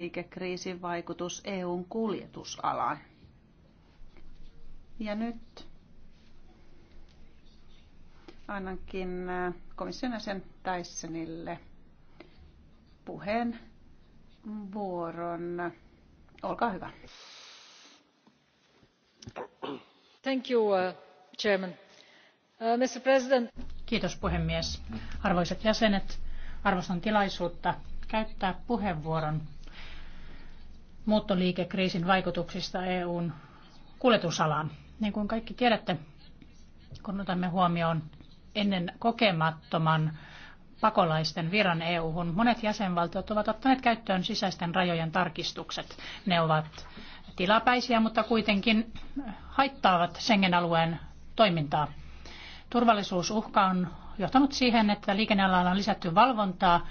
liikekriisin vaikutus EUn kuljetusalaan. Ja nyt annankin äh, komission jäsen Tysonille puheen vuoron. Olkaa hyvä. Thank you, uh, Chairman. Uh, Mr. President. Kiitos puhemies. Arvoisat jäsenet, arvostan tilaisuutta käyttää puheenvuoron muuttoliikekriisin vaikutuksista EUn kuljetusalaan. Niin kuin kaikki tiedätte, kun otamme huomioon ennen kokemattoman pakolaisten viran EU-hun, monet jäsenvaltiot ovat ottaneet käyttöön sisäisten rajojen tarkistukset. Ne ovat tilapäisiä, mutta kuitenkin haittaavat Schengen-alueen toimintaa. Turvallisuusuhka on johtanut siihen, että liikennealalla on lisätty valvontaa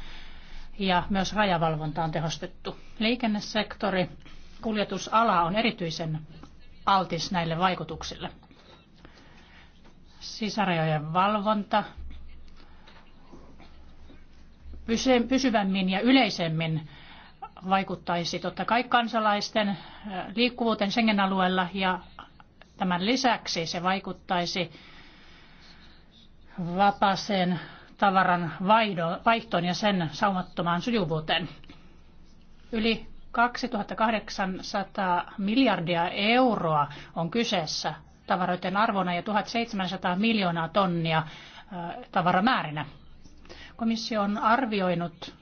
ja myös rajavalvonta on tehostettu. Liikennesektori, kuljetusala on erityisen altis näille vaikutuksille. Sisärajojen valvonta pysyvämmin ja yleisemmin vaikuttaisi totta kai kansalaisten liikkuvuuteen Schengen-alueella ja tämän lisäksi se vaikuttaisi vapaaseen tavaran vaihtoon ja sen saumattomaan sujuvuuteen. Yli 2800 miljardia euroa on kyseessä tavaroiden arvona ja 1700 miljoonaa tonnia tavaramäärinä. Komissio on arvioinut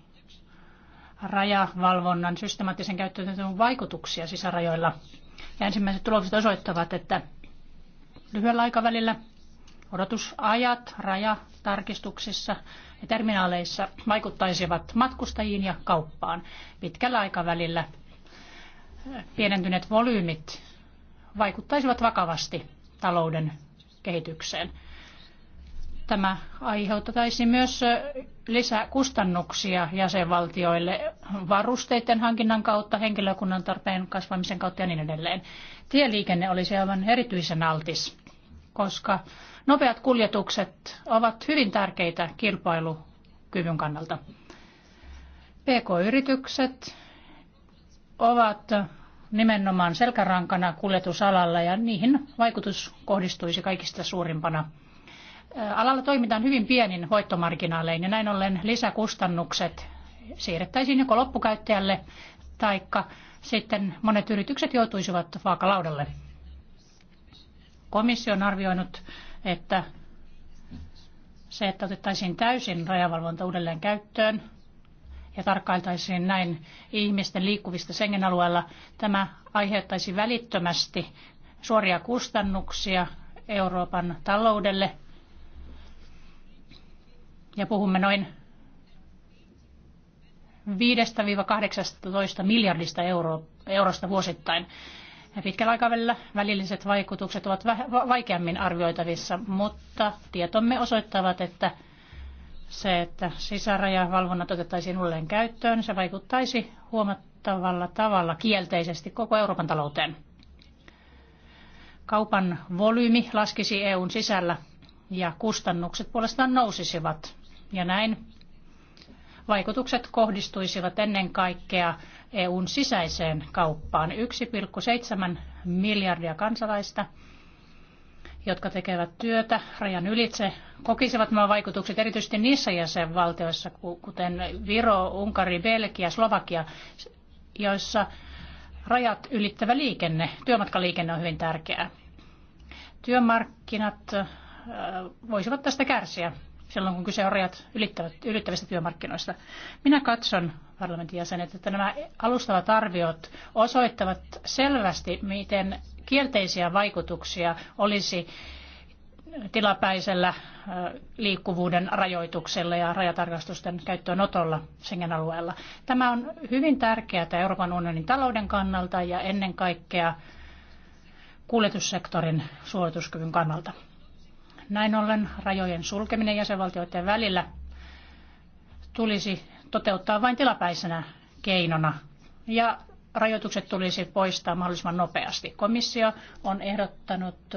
rajavalvonnan systemaattisen käyttöön vaikutuksia sisärajoilla. Ja ensimmäiset tulokset osoittavat, että lyhyellä aikavälillä odotusajat rajatarkistuksissa ja terminaaleissa vaikuttaisivat matkustajiin ja kauppaan. Pitkällä aikavälillä eh, pienentyneet volyymit vaikuttaisivat vakavasti talouden kehitykseen. Tämä aiheuttaisi myös eh, lisäkustannuksia jäsenvaltioille varusteiden hankinnan kautta, henkilökunnan tarpeen kasvamisen kautta ja niin edelleen. Tieliikenne olisi aivan erityisen altis, koska Nopeat kuljetukset ovat hyvin tärkeitä kilpailukyvyn kannalta. PK-yritykset ovat nimenomaan selkärankana kuljetusalalla ja niihin vaikutus kohdistuisi kaikista suurimpana. Alalla toimitaan hyvin pienin voittomarginaalein ja näin ollen lisäkustannukset siirrettäisiin joko loppukäyttäjälle tai sitten monet yritykset joutuisivat vaakalaudalle. Komissio on arvioinut että se, että otettaisiin täysin rajavalvonta uudelleen käyttöön ja tarkkailtaisiin näin ihmisten liikkuvista Schengen-alueella, tämä aiheuttaisi välittömästi suoria kustannuksia Euroopan taloudelle. Ja puhumme noin 5-18 miljardista euro, eurosta vuosittain. Pitkällä aikavälillä välilliset vaikutukset ovat vaikeammin arvioitavissa, mutta tietomme osoittavat, että se, että sisärajavalvonnat otettaisiin uudelleen käyttöön, se vaikuttaisi huomattavalla tavalla kielteisesti koko Euroopan talouteen. Kaupan volyymi laskisi EUn sisällä ja kustannukset puolestaan nousisivat. Ja näin vaikutukset kohdistuisivat ennen kaikkea EUn sisäiseen kauppaan. 1,7 miljardia kansalaista, jotka tekevät työtä rajan ylitse, kokisivat nämä vaikutukset erityisesti niissä jäsenvaltioissa, kuten Viro, Unkari, Belgia, Slovakia, joissa rajat ylittävä liikenne, työmatkaliikenne on hyvin tärkeää. Työmarkkinat voisivat tästä kärsiä silloin, kun kyse on rajat ylittävistä työmarkkinoista. Minä katson, parlamentin jäsenet, että nämä alustavat arviot osoittavat selvästi, miten kielteisiä vaikutuksia olisi tilapäisellä liikkuvuuden rajoituksella ja rajatarkastusten käyttöönotolla Schengen-alueella. Tämä on hyvin tärkeää Euroopan unionin talouden kannalta ja ennen kaikkea kuljetussektorin suorituskyvyn kannalta. Näin ollen rajojen sulkeminen jäsenvaltioiden välillä tulisi toteuttaa vain tilapäisenä keinona ja rajoitukset tulisi poistaa mahdollisimman nopeasti. Komissio on ehdottanut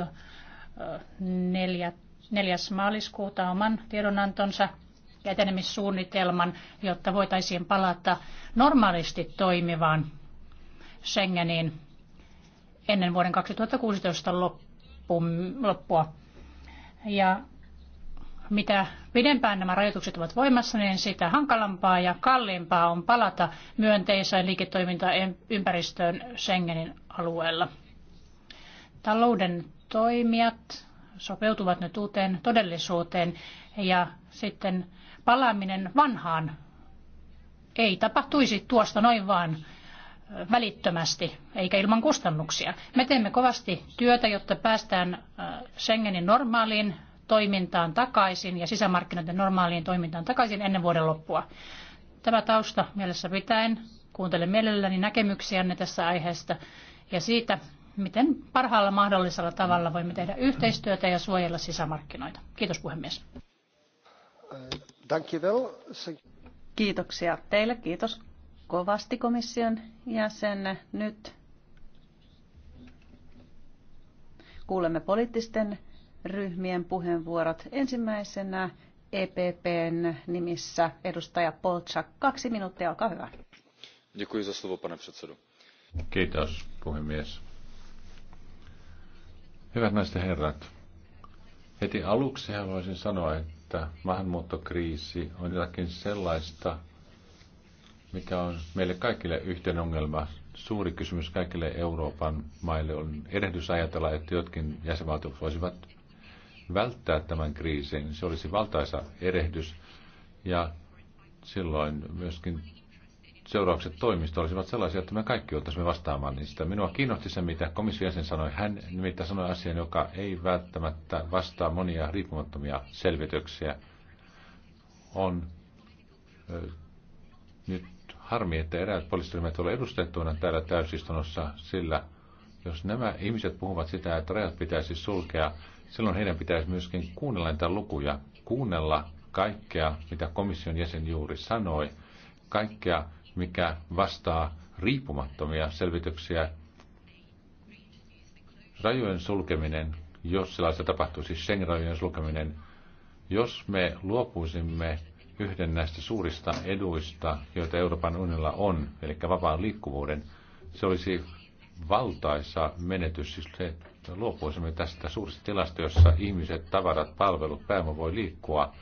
4. maaliskuuta oman tiedonantonsa ja etenemissuunnitelman, jotta voitaisiin palata normaalisti toimivaan Schengeniin ennen vuoden 2016 loppua. Ja mitä pidempään nämä rajoitukset ovat voimassa, niin sitä hankalampaa ja kalliimpaa on palata myönteiseen liiketoimintaympäristöön Schengenin alueella. Talouden toimijat sopeutuvat nyt uuteen todellisuuteen ja sitten palaaminen vanhaan ei tapahtuisi tuosta noin vaan välittömästi eikä ilman kustannuksia. Me teemme kovasti työtä, jotta päästään äh, Schengenin normaaliin toimintaan takaisin ja sisämarkkinoiden normaaliin toimintaan takaisin ennen vuoden loppua. Tämä tausta mielessä pitäen kuuntelen mielelläni näkemyksiänne tässä aiheesta ja siitä, miten parhaalla mahdollisella tavalla voimme tehdä yhteistyötä ja suojella sisämarkkinoita. Kiitos puhemies. Kiitoksia teille, kiitos kovasti komission jäsen. Nyt kuulemme poliittisten ryhmien puheenvuorot. Ensimmäisenä EPPn nimissä edustaja Polchak. Kaksi minuuttia, olkaa hyvä. Děkuji za slovo, pane předsedo. Kiitos, puhemies. Hyvät naiset ja herrat, heti aluksi haluaisin sanoa, että maahanmuuttokriisi on jotakin sellaista, mikä on meille kaikille yhteen ongelma. Suuri kysymys kaikille Euroopan maille on erehdys ajatella, että jotkin jäsenvaltiot voisivat välttää tämän kriisin. Se olisi valtaisa erehdys ja silloin myöskin seuraukset toimista olisivat sellaisia, että me kaikki oltaisimme vastaamaan niistä. Minua kiinnosti se, mitä komission jäsen sanoi. Hän nimittäin sanoi asian, joka ei välttämättä vastaa monia riippumattomia selvityksiä. On nyt harmi, että eräät poliisiryhmät ole edustettuina täällä täysistunnossa, sillä jos nämä ihmiset puhuvat sitä, että rajat pitäisi sulkea, silloin heidän pitäisi myöskin kuunnella näitä lukuja, kuunnella kaikkea, mitä komission jäsen juuri sanoi, kaikkea, mikä vastaa riippumattomia selvityksiä. Rajojen sulkeminen, jos sellaista tapahtuisi, siis Schengen-rajojen sulkeminen, jos me luopuisimme yhden näistä suurista eduista, joita Euroopan unionilla on, eli vapaan liikkuvuuden. Se olisi valtaisa menetys, siis se, että luopuisimme tästä suurista tilasta, jossa ihmiset, tavarat, palvelut, pääoma voi liikkua,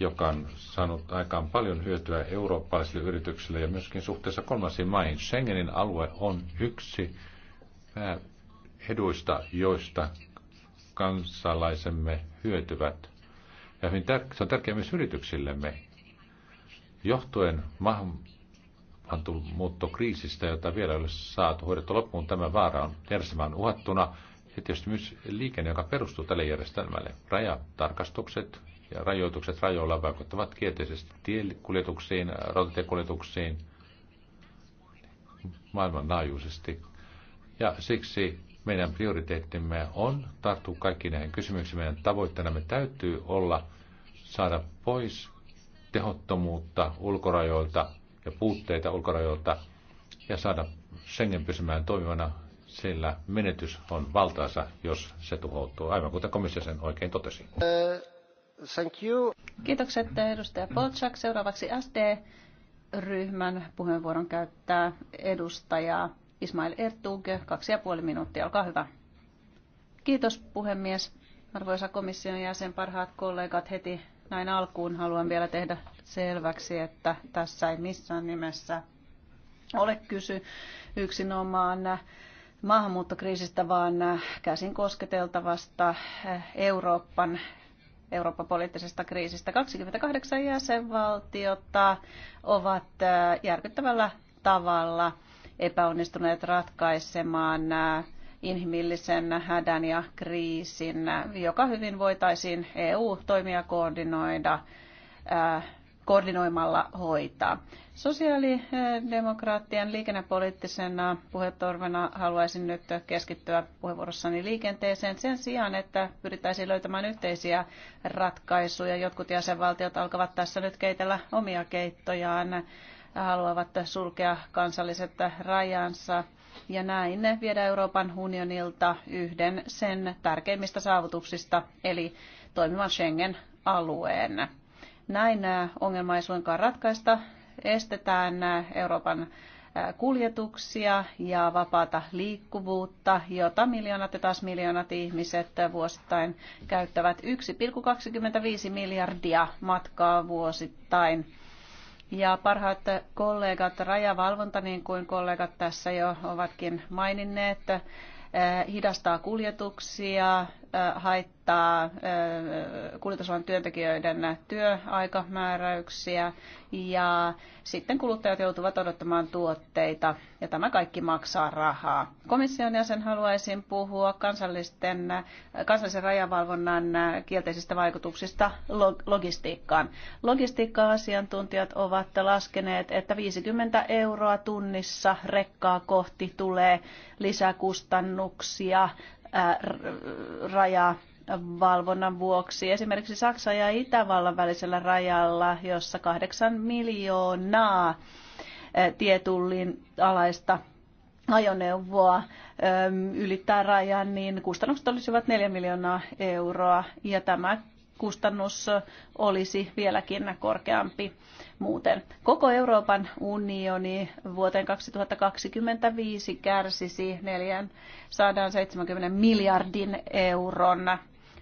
joka on saanut aikaan paljon hyötyä eurooppalaisille yrityksille ja myöskin suhteessa kolmansiin maihin. Schengenin alue on yksi eduista, joista kansalaisemme hyötyvät – ja hyvin tär- se on tärkeää myös yrityksillemme. Johtuen maahanmuuttokriisistä, jota vielä ei ole saatu hoidettua loppuun, tämä vaara on järjestelmään uhattuna. Ja tietysti myös liikenne, joka perustuu tälle järjestelmälle. Rajatarkastukset ja rajoitukset rajoilla vaikuttavat kielteisesti tiekuljetuksiin, rautatiekuljetuksiin maailmanlaajuisesti. Ja siksi meidän prioriteettimme on tarttua kaikkiin näihin kysymyksiin. Meidän tavoitteenamme täytyy olla saada pois tehottomuutta ulkorajoilta ja puutteita ulkorajoilta ja saada Schengen pysymään toimivana, sillä menetys on valtaansa, jos se tuhoutuu, aivan kuten komissio sen oikein totesi. Uh, thank you. Kiitokset edustaja Polchak. Seuraavaksi SD-ryhmän puheenvuoron käyttää edustaja Ismail Ertug, kaksi ja puoli minuuttia, olkaa hyvä. Kiitos puhemies. Arvoisa komission jäsen, parhaat kollegat, heti näin alkuun haluan vielä tehdä selväksi, että tässä ei missään nimessä ole kysy yksinomaan maahanmuuttokriisistä, vaan käsin kosketeltavasta Euroopan Eurooppa-poliittisesta kriisistä. 28 jäsenvaltiota ovat järkyttävällä tavalla – epäonnistuneet ratkaisemaan inhimillisen hädän ja kriisin, joka hyvin voitaisiin EU-toimia koordinoida koordinoimalla hoitaa. Sosiaalidemokraattien liikennepoliittisena puhetorvena haluaisin nyt keskittyä puheenvuorossani liikenteeseen sen sijaan, että pyrittäisiin löytämään yhteisiä ratkaisuja. Jotkut jäsenvaltiot alkavat tässä nyt keitellä omia keittojaan haluavat sulkea kansalliset rajansa ja näin ne viedä Euroopan unionilta yhden sen tärkeimmistä saavutuksista, eli toimivan Schengen-alueen. Näin ongelma ei suinkaan ratkaista, estetään Euroopan kuljetuksia ja vapaata liikkuvuutta, jota miljoonat ja taas miljoonat ihmiset vuosittain käyttävät 1,25 miljardia matkaa vuosittain ja parhaat kollegat, rajavalvonta, niin kuin kollegat tässä jo ovatkin maininneet, eh, hidastaa kuljetuksia, eh, haittaa muuttaa kuljetusalan työntekijöiden työaikamääräyksiä ja sitten kuluttajat joutuvat odottamaan tuotteita ja tämä kaikki maksaa rahaa. Komission jäsen haluaisin puhua kansallisten, kansallisen rajavalvonnan kielteisistä vaikutuksista logistiikkaan. Logistiikka-asiantuntijat ovat laskeneet, että 50 euroa tunnissa rekkaa kohti tulee lisäkustannuksia raja valvonnan vuoksi. Esimerkiksi Saksa ja Itävallan välisellä rajalla, jossa kahdeksan miljoonaa tietullin alaista ajoneuvoa ylittää rajan, niin kustannukset olisivat 4 miljoonaa euroa ja tämä kustannus olisi vieläkin korkeampi muuten. Koko Euroopan unioni vuoteen 2025 kärsisi 470 miljardin euron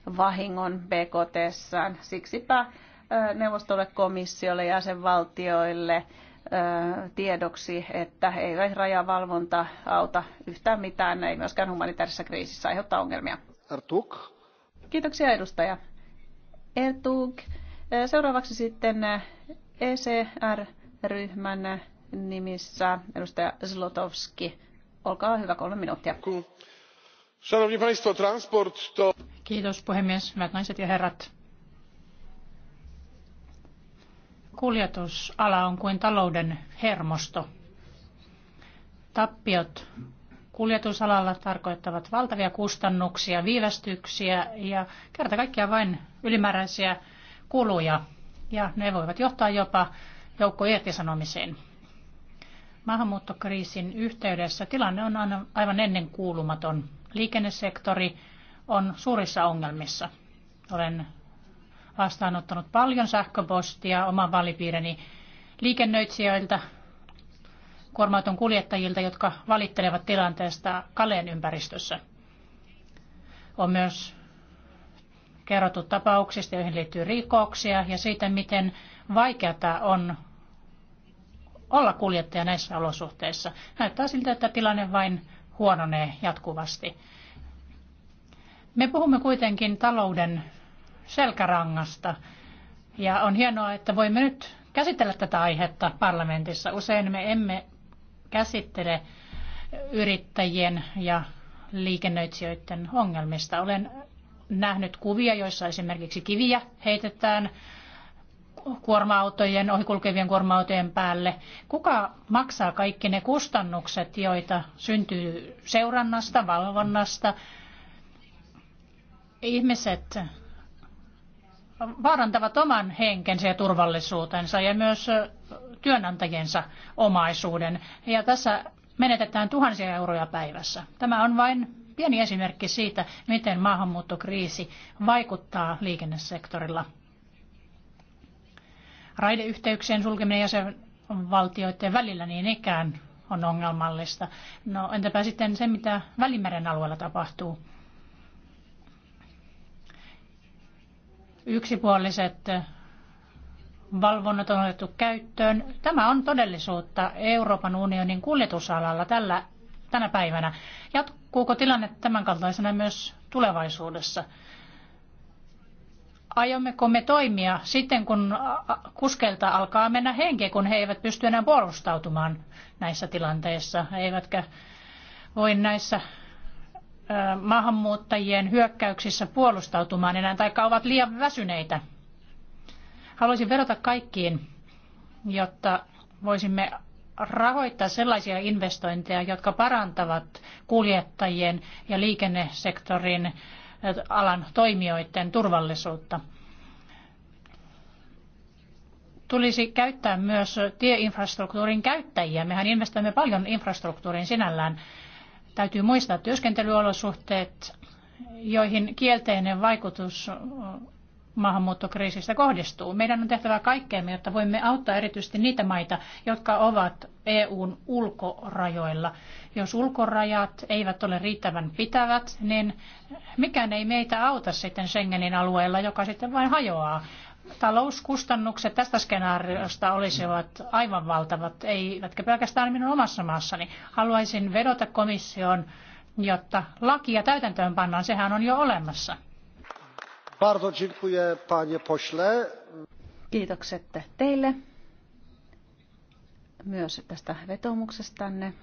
vahingon BKTssään. Siksipä neuvostolle, komissiolle ja jäsenvaltioille tiedoksi, että ei rajavalvonta auta yhtään mitään, ei myöskään humanitaarisessa kriisissä aiheuttaa ongelmia. Artuk. Kiitoksia edustaja. Ertug. Seuraavaksi sitten ECR-ryhmän nimissä edustaja Zlotowski. Olkaa hyvä, kolme minuuttia. Szanowni Państwo, transport to... Kiitos puhemies, hyvät naiset ja herrat. Kuljetusala on kuin talouden hermosto. Tappiot kuljetusalalla tarkoittavat valtavia kustannuksia, viivästyksiä ja kerta kaikkiaan vain ylimääräisiä kuluja. Ja ne voivat johtaa jopa joukko irtisanomiseen. Maahanmuuttokriisin yhteydessä tilanne on aivan ennen kuulumaton. Liikennesektori on suurissa ongelmissa. Olen vastaanottanut paljon sähköpostia oman vaalipiirini liikennöitsijöiltä, kuormauton kuljettajilta, jotka valittelevat tilanteesta Kaleen ympäristössä. On myös kerrottu tapauksista, joihin liittyy rikoksia ja siitä, miten vaikeata on olla kuljettaja näissä olosuhteissa. Näyttää siltä, että tilanne vain huononee jatkuvasti. Me puhumme kuitenkin talouden selkärangasta ja on hienoa, että voimme nyt käsitellä tätä aihetta parlamentissa. Usein me emme käsittele yrittäjien ja liikennöitsijöiden ongelmista. Olen nähnyt kuvia, joissa esimerkiksi kiviä heitetään kuorma-autojen, ohikulkevien kuorma-autojen päälle. Kuka maksaa kaikki ne kustannukset, joita syntyy seurannasta, valvonnasta, Ihmiset vaarantavat oman henkensä ja turvallisuutensa ja myös työnantajiensa omaisuuden. Ja tässä menetetään tuhansia euroja päivässä. Tämä on vain pieni esimerkki siitä, miten maahanmuuttokriisi vaikuttaa liikennesektorilla. Raideyhteyksien sulkeminen jäsenvaltioiden välillä niin ikään on ongelmallista. No entäpä sitten se, mitä Välimeren alueella tapahtuu? yksipuoliset valvonnat on otettu käyttöön. Tämä on todellisuutta Euroopan unionin kuljetusalalla tällä, tänä päivänä. Jatkuuko tilanne tämän kaltaisena myös tulevaisuudessa? Aiommeko me toimia sitten, kun kuskelta alkaa mennä henki, kun he eivät pysty enää puolustautumaan näissä tilanteissa, eivätkä voi näissä maahanmuuttajien hyökkäyksissä puolustautumaan enää, taikka ovat liian väsyneitä. Haluaisin vedota kaikkiin, jotta voisimme rahoittaa sellaisia investointeja, jotka parantavat kuljettajien ja liikennesektorin alan toimijoiden turvallisuutta. Tulisi käyttää myös tieinfrastruktuurin käyttäjiä. Mehän investoimme paljon infrastruktuuriin sinällään. Täytyy muistaa työskentelyolosuhteet, joihin kielteinen vaikutus maahanmuuttokriisistä kohdistuu. Meidän on tehtävä kaikkeemme, jotta voimme auttaa erityisesti niitä maita, jotka ovat EUn ulkorajoilla. Jos ulkorajat eivät ole riittävän pitävät, niin mikään ei meitä auta sitten Schengenin alueella, joka sitten vain hajoaa talouskustannukset tästä skenaariosta olisivat aivan valtavat, eivätkä pelkästään minun omassa maassani. Haluaisin vedota komissioon, jotta lakia täytäntöön pannaan, sehän on jo olemassa. Bardzo dziękuję, panie pośle. Kiitokset teille myös tästä vetomuksestanne.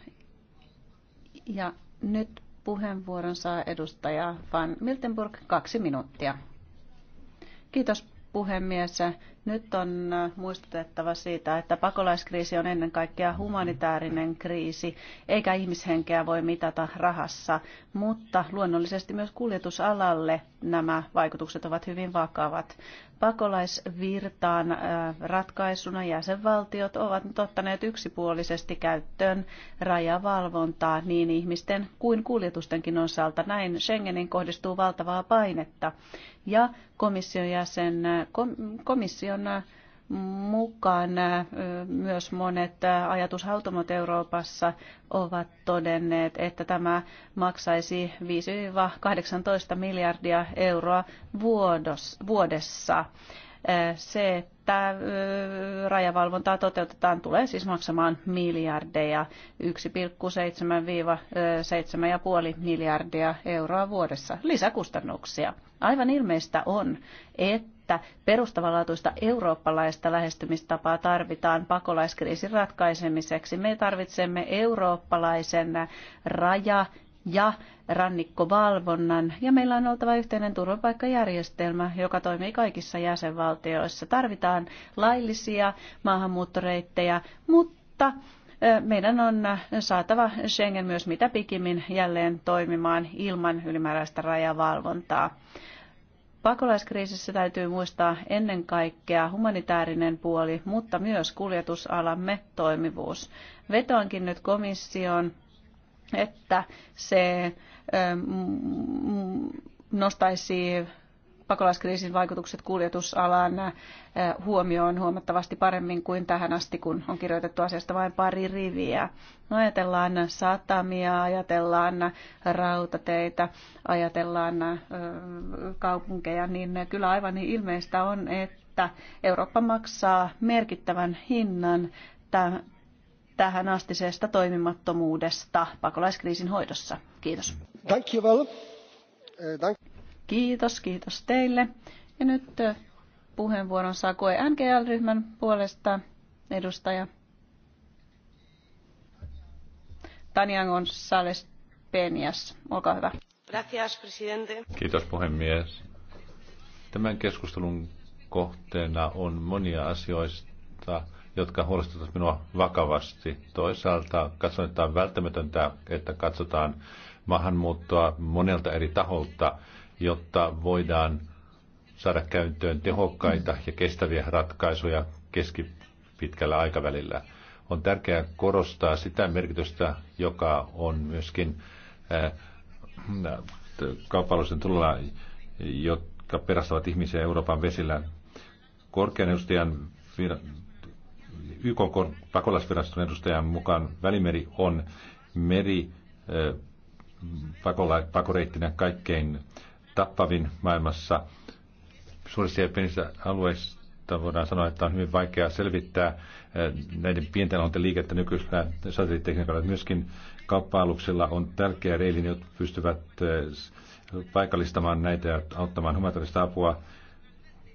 Ja nyt puheenvuoron saa edustaja Van Miltenburg, kaksi minuuttia. Kiitos puhemies nyt on äh, muistutettava siitä, että pakolaiskriisi on ennen kaikkea humanitaarinen kriisi, eikä ihmishenkeä voi mitata rahassa, mutta luonnollisesti myös kuljetusalalle nämä vaikutukset ovat hyvin vakavat. Pakolaisvirtaan äh, ratkaisuna jäsenvaltiot ovat nyt ottaneet yksipuolisesti käyttöön rajavalvontaa niin ihmisten kuin kuljetustenkin osalta. Näin Schengenin kohdistuu valtavaa painetta. Ja komission jäsen, äh, komissio paljon mukaan myös monet ajatushautomot Euroopassa ovat todenneet, että tämä maksaisi 5-18 miljardia euroa vuodessa. Se, että rajavalvontaa toteutetaan, tulee siis maksamaan miljardeja, 1,7-7,5 miljardia euroa vuodessa lisäkustannuksia. Aivan ilmeistä on, että perustavanlaatuista eurooppalaista lähestymistapaa tarvitaan pakolaiskriisin ratkaisemiseksi. Me tarvitsemme eurooppalaisen raja- ja rannikkovalvonnan ja meillä on oltava yhteinen turvapaikkajärjestelmä, joka toimii kaikissa jäsenvaltioissa. Tarvitaan laillisia maahanmuuttoreittejä, mutta meidän on saatava Schengen myös mitä pikimmin jälleen toimimaan ilman ylimääräistä rajavalvontaa. Pakolaiskriisissä täytyy muistaa ennen kaikkea humanitaarinen puoli, mutta myös kuljetusalamme toimivuus. Vetoankin nyt komission, että se Ähm, mm, nostaisi pakolaiskriisin vaikutukset kuljetusalaan äh, huomioon huomattavasti paremmin kuin tähän asti, kun on kirjoitettu asiasta vain pari riviä. No, ajatellaan satamia, ajatellaan rautateitä, ajatellaan äh, kaupunkeja, niin kyllä aivan niin ilmeistä on, että Eurooppa maksaa merkittävän hinnan tähän astisesta toimimattomuudesta pakolaiskriisin hoidossa. Kiitos. Eh, kiitos, kiitos teille. Ja nyt eh, puheenvuoron saa koe NGL-ryhmän puolesta edustaja Tania González Penias. Olkaa hyvä. Kiitos puhemies. Tämän keskustelun kohteena on monia asioista, jotka huolestuttavat minua vakavasti. Toisaalta katson, että on välttämätöntä, että katsotaan maahanmuuttoa monelta eri taholta, jotta voidaan saada käyttöön tehokkaita ja kestäviä ratkaisuja keskipitkällä aikavälillä. On tärkeää korostaa sitä merkitystä, joka on myöskin kaupallisen tulolla, jotka perastavat ihmisiä Euroopan vesillä. Korkean edustajan YK pakolaisviraston edustajan mukaan Välimeri on meri pakola, pakoreittinä kaikkein tappavin maailmassa. Suurissa ja pienissä alueissa voidaan sanoa, että on hyvin vaikea selvittää eh, näiden pienten alueiden liikettä nykyisellä satelliittitekniikalla. Myöskin kauppa on tärkeä reilin, jotka pystyvät eh, paikallistamaan näitä ja auttamaan humanitaarista apua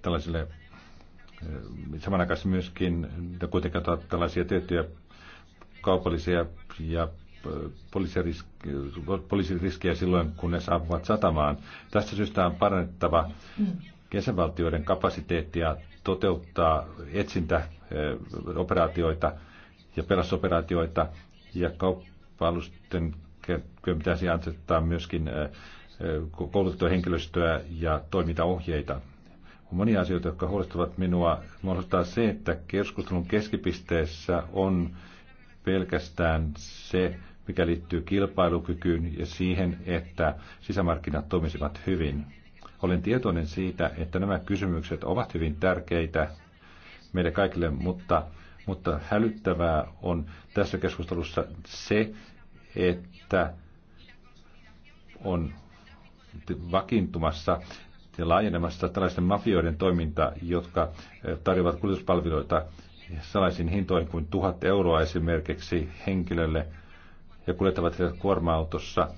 tällaisille eh, samanaikaisesti myöskin no kuitenkin tällaisia tiettyjä kaupallisia ja poliisiriskiä silloin, kun ne saapuvat satamaan. Tästä syystä on parannettava jäsenvaltioiden kapasiteettia toteuttaa etsintäoperaatioita ja pelasoperaatioita ja kauppa-alusten pitäisi antaa myöskin koulutettua henkilöstöä ja toimintaohjeita. On monia asioita, jotka huolestuvat minua. Muodostaa se, että keskustelun keskipisteessä on pelkästään se, mikä liittyy kilpailukykyyn ja siihen, että sisämarkkinat toimisivat hyvin. Olen tietoinen siitä, että nämä kysymykset ovat hyvin tärkeitä meille kaikille, mutta, mutta hälyttävää on tässä keskustelussa se, että on vakiintumassa ja laajenemassa tällaisten mafioiden toiminta, jotka eh, tarjoavat kuljetuspalveluita sellaisin hintoihin kuin tuhat euroa esimerkiksi henkilölle, ja kuljettavat heitä kuorma-autossa,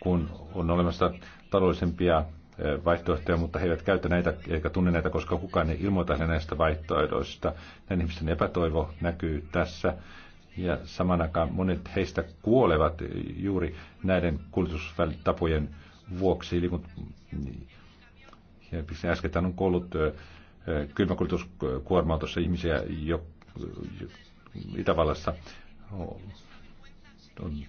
kun on olemassa taloudellisempia vaihtoehtoja, mutta he eivät käytä näitä eikä tunne näitä, koska kukaan ei ilmoita heille näistä vaihtoehdoista. Näin ihmisten epätoivo näkyy tässä. Ja saman aikaan monet heistä kuolevat juuri näiden kuljetustapojen vuoksi. Eli kun, ja äskettäin on kuollut kylmäkuljetuskuorma-autossa ihmisiä jo Itävallassa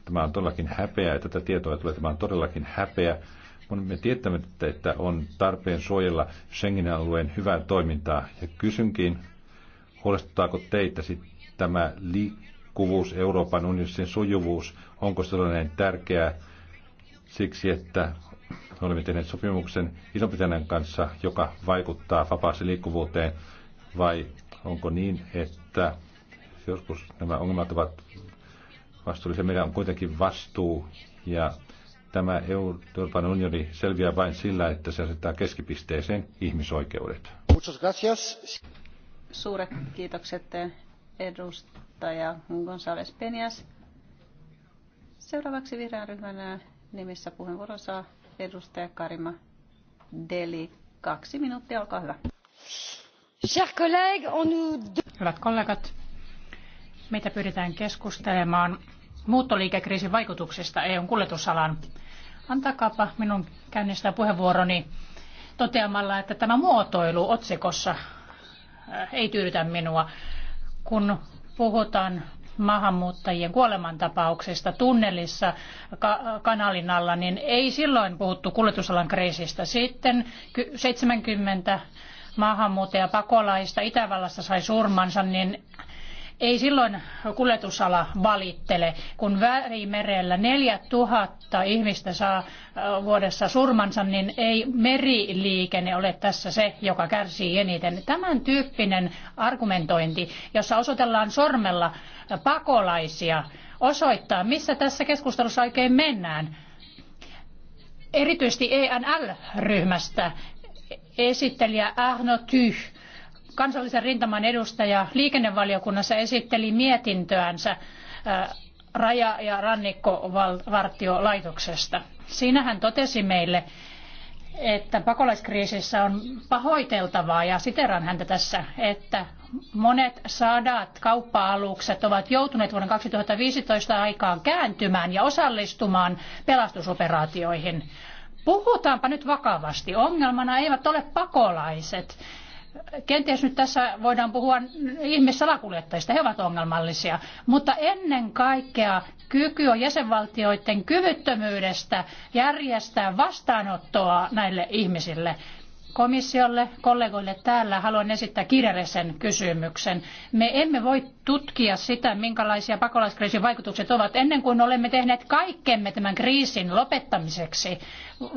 Tämä on todellakin häpeä, että tätä tietoa tulee. Tämä on todellakin häpeä. Mun me tietämme, että on tarpeen suojella Schengenin alueen hyvää toimintaa. Ja kysynkin, huolestuttaako teitä sit tämä liikkuvuus, Euroopan unionin sujuvuus, onko sellainen tärkeää siksi, että olemme tehneet sopimuksen iso kanssa, joka vaikuttaa vapaaseen liikkuvuuteen, vai onko niin, että joskus nämä ongelmat ovat vastuullisia. Meillä on kuitenkin vastuu ja tämä Euroopan unioni selviää vain sillä, että se asettaa keskipisteeseen ihmisoikeudet. Suuret kiitokset edustaja González Penias. Seuraavaksi vihreän ryhmän nimissä puheenvuoro saa edustaja Karima Deli. Kaksi minuuttia, olkaa hyvä. Hyvät kollegat, meitä pyydetään keskustelemaan muuttoliikekriisin vaikutuksista EUn kuljetusalaan. Antakaapa minun käynnistää puheenvuoroni toteamalla, että tämä muotoilu otsikossa äh, ei tyydytä minua. Kun puhutaan maahanmuuttajien kuolemantapauksista tunnelissa kanalin alla, niin ei silloin puhuttu kuljetusalan kriisistä. Sitten 70 maahanmuuttajapakolaista pakolaista Itävallassa sai surmansa, niin ei silloin kuljetusala valittele, kun Välimerellä 4000 ihmistä saa vuodessa surmansa, niin ei meriliikenne ole tässä se, joka kärsii eniten. Tämän tyyppinen argumentointi, jossa osoitellaan sormella pakolaisia, osoittaa, missä tässä keskustelussa oikein mennään. Erityisesti ENL-ryhmästä esittelijä Arno Tyh kansallisen rintaman edustaja liikennevaliokunnassa esitteli mietintöänsä äh, raja- ja rannikkovartiolaitoksesta. Siinä hän totesi meille, että pakolaiskriisissä on pahoiteltavaa, ja siteran häntä tässä, että monet sadat kauppa-alukset ovat joutuneet vuoden 2015 aikaan kääntymään ja osallistumaan pelastusoperaatioihin. Puhutaanpa nyt vakavasti. Ongelmana eivät ole pakolaiset. Kenties nyt tässä voidaan puhua ihmissalakuljettajista, he ovat ongelmallisia, mutta ennen kaikkea kyky on jäsenvaltioiden kyvyttömyydestä järjestää vastaanottoa näille ihmisille komissiolle, kollegoille täällä haluan esittää kirjallisen kysymyksen. Me emme voi tutkia sitä, minkälaisia pakolaiskriisin vaikutukset ovat ennen kuin olemme tehneet kaikkemme tämän kriisin lopettamiseksi.